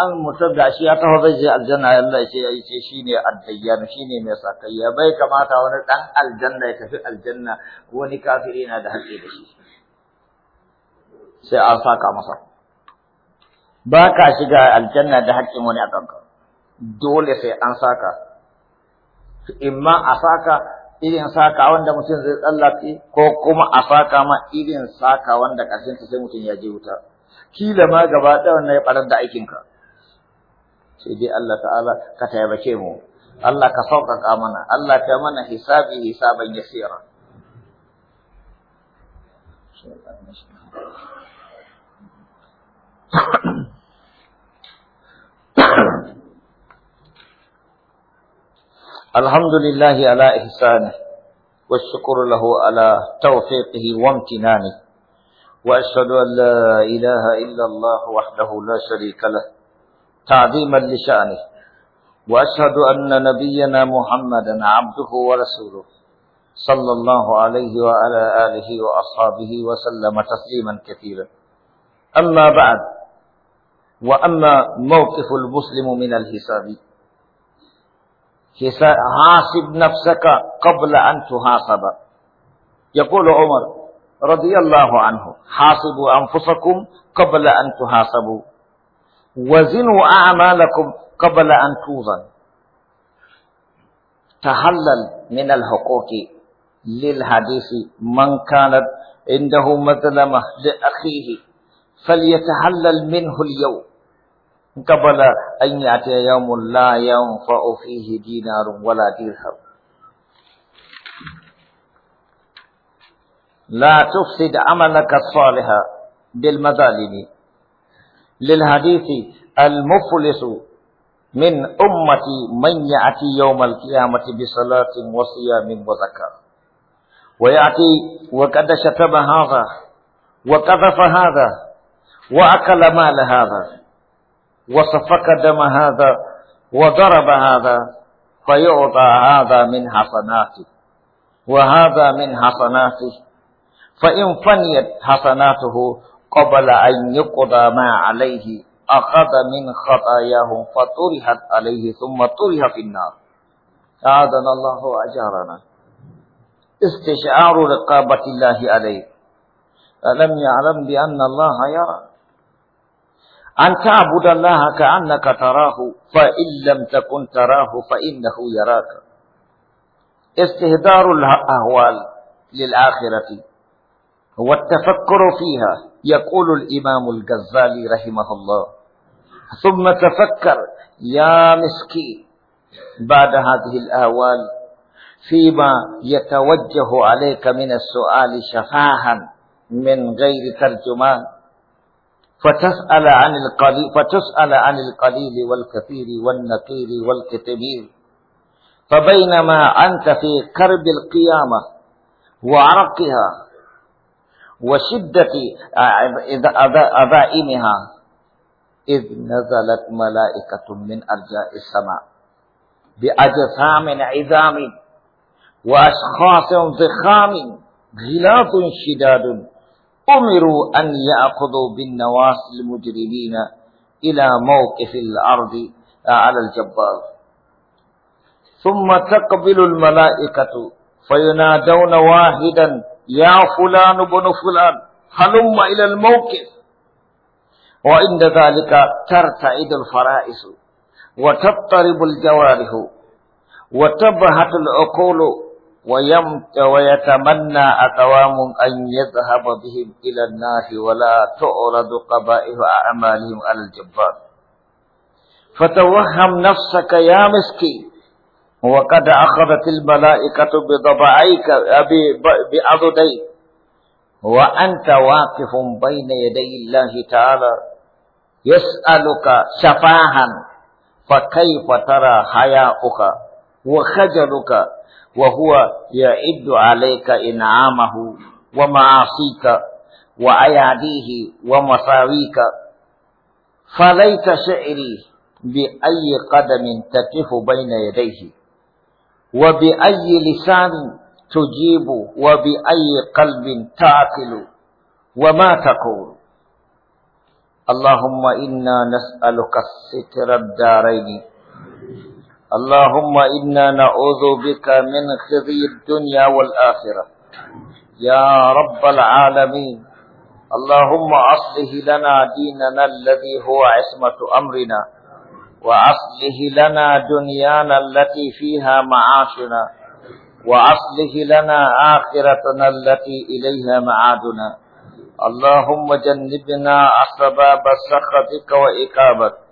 an mutum da shi ya taho zai je aljanna Allah ya ce ya ce shi ne addayyan shi ne mai sakayya bai kamata wani ɗan aljanna ya tafi aljanna wani kafiri na da haƙƙi da shi sai an saka masa ba ka shiga aljanna da haƙƙin wani a kanka dole sai an saka imma a saka irin saka wanda mutum zai tsallake ko kuma a saka ma irin saka wanda ƙarshen sai mutum ya je wuta kila ma gaba ɗaya wannan ya ɓarar da aikinka sai dai Allah ta'ala ka taimake mu Allah ka sauƙaƙa mana Allah ta mana hisabi hisaban yasira Thank [COUGHS] [COUGHS] [COUGHS] you. الحمد لله على إحسانه والشكر له على توفيقه وامتنانه وأشهد أن لا إله إلا الله وحده لا شريك له تعظيما لشأنه وأشهد أن نبينا محمدا عبده ورسوله صلى الله عليه وعلى آله وأصحابه وسلم تسليما كثيرا أما بعد وأما موقف المسلم من الحساب حاسب نفسك قبل أن تحاسب يقول عمر رضي الله عنه حاسبوا أنفسكم قبل أن تحاسبوا وزنوا أعمالكم قبل أن توزن تحلل من الحقوق للحديث من كانت عنده مظلمة لأخيه فليتحلل منه اليوم قبل أن يأتي يوم لا ينفع فيه دينار ولا درهم لا تفسد عملك الصالح بالمظالم للحديث المفلس من أمتي من يأتي يوم القيامة بصلاة وصيام وزكاة ويأتي وقد شتم هذا وقذف هذا وأكل مال هذا وصفق دم هذا وضرب هذا فيعطى هذا من حسناته وهذا من حسناته فإن فنيت حسناته قبل أن يقضى ما عليه أخذ من خطاياه فطرحت عليه ثم طرح في النار أعادنا الله أجارنا استشعار رقابة الله عليه ألم يعلم بأن الله يرى أن تعبد الله كأنك تراه فإن لم تكن تراه فإنه يراك استهدار الأهوال للآخرة والتفكر فيها يقول الإمام الغزالي رحمه الله ثم تفكر يا مسكين بعد هذه الأهوال فيما يتوجه عليك من السؤال شفاها من غير ترجمان فتسأل عن القليل فتسأل عن القليل والكثير والنقير والكتمير فبينما أنت في كرب القيامة وعرقها وشدة أذائمها إذ نزلت ملائكة من أرجاء السماء بأجسام عظام وأشخاص ضخام غلاظ شداد أمروا أن يأخذوا بالنواصي المجرمين إلى موقف الأرض آه، على الجبار ثم تقبل الملائكة فينادون واحدا يا فلان بن فلان هلم إلى الموقف وعند ذلك ترتعد الفرائس وتضطرب الجوارح وتبهت العقول ويتمنى أقوام أن يذهب بهم إلى النار ولا تعرض قبائح أعمالهم على الجبار فتوهم نفسك يا مسكين وقد أخذت الملائكة بضبعيك بعضديك وأنت واقف بين يدي الله تعالى يسألك شفاها فكيف ترى حياؤك وخجلك وهو يعد عليك إنعامه ومعاصيك وأياديه ومصاويك فليت شعري بأي قدم تقف بين يديه وبأي لسان تجيب وبأي قلب تعقل وما تقول اللهم إنا نسألك الستر الدارين اللهم إنا نعوذ بك من خزي الدنيا والآخرة يا رب العالمين اللهم أصله لنا ديننا الذي هو عصمة أمرنا وأصله لنا دنيانا التي فيها معاشنا وأصله لنا آخرتنا التي إليها معادنا اللهم جنبنا أسباب سخطك وإقابك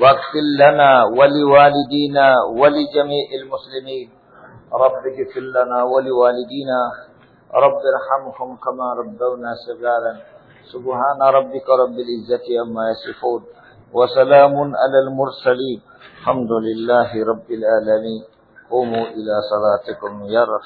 واغفر لنا ولوالدينا ولجميع المسلمين رب اغفر لنا ولوالدينا رب ارحمهم كما ربونا صغارا سبحان ربك رب العزة عما يصفون وسلام على المرسلين الحمد لله رب العالمين قوموا إلى صلاتكم يا رب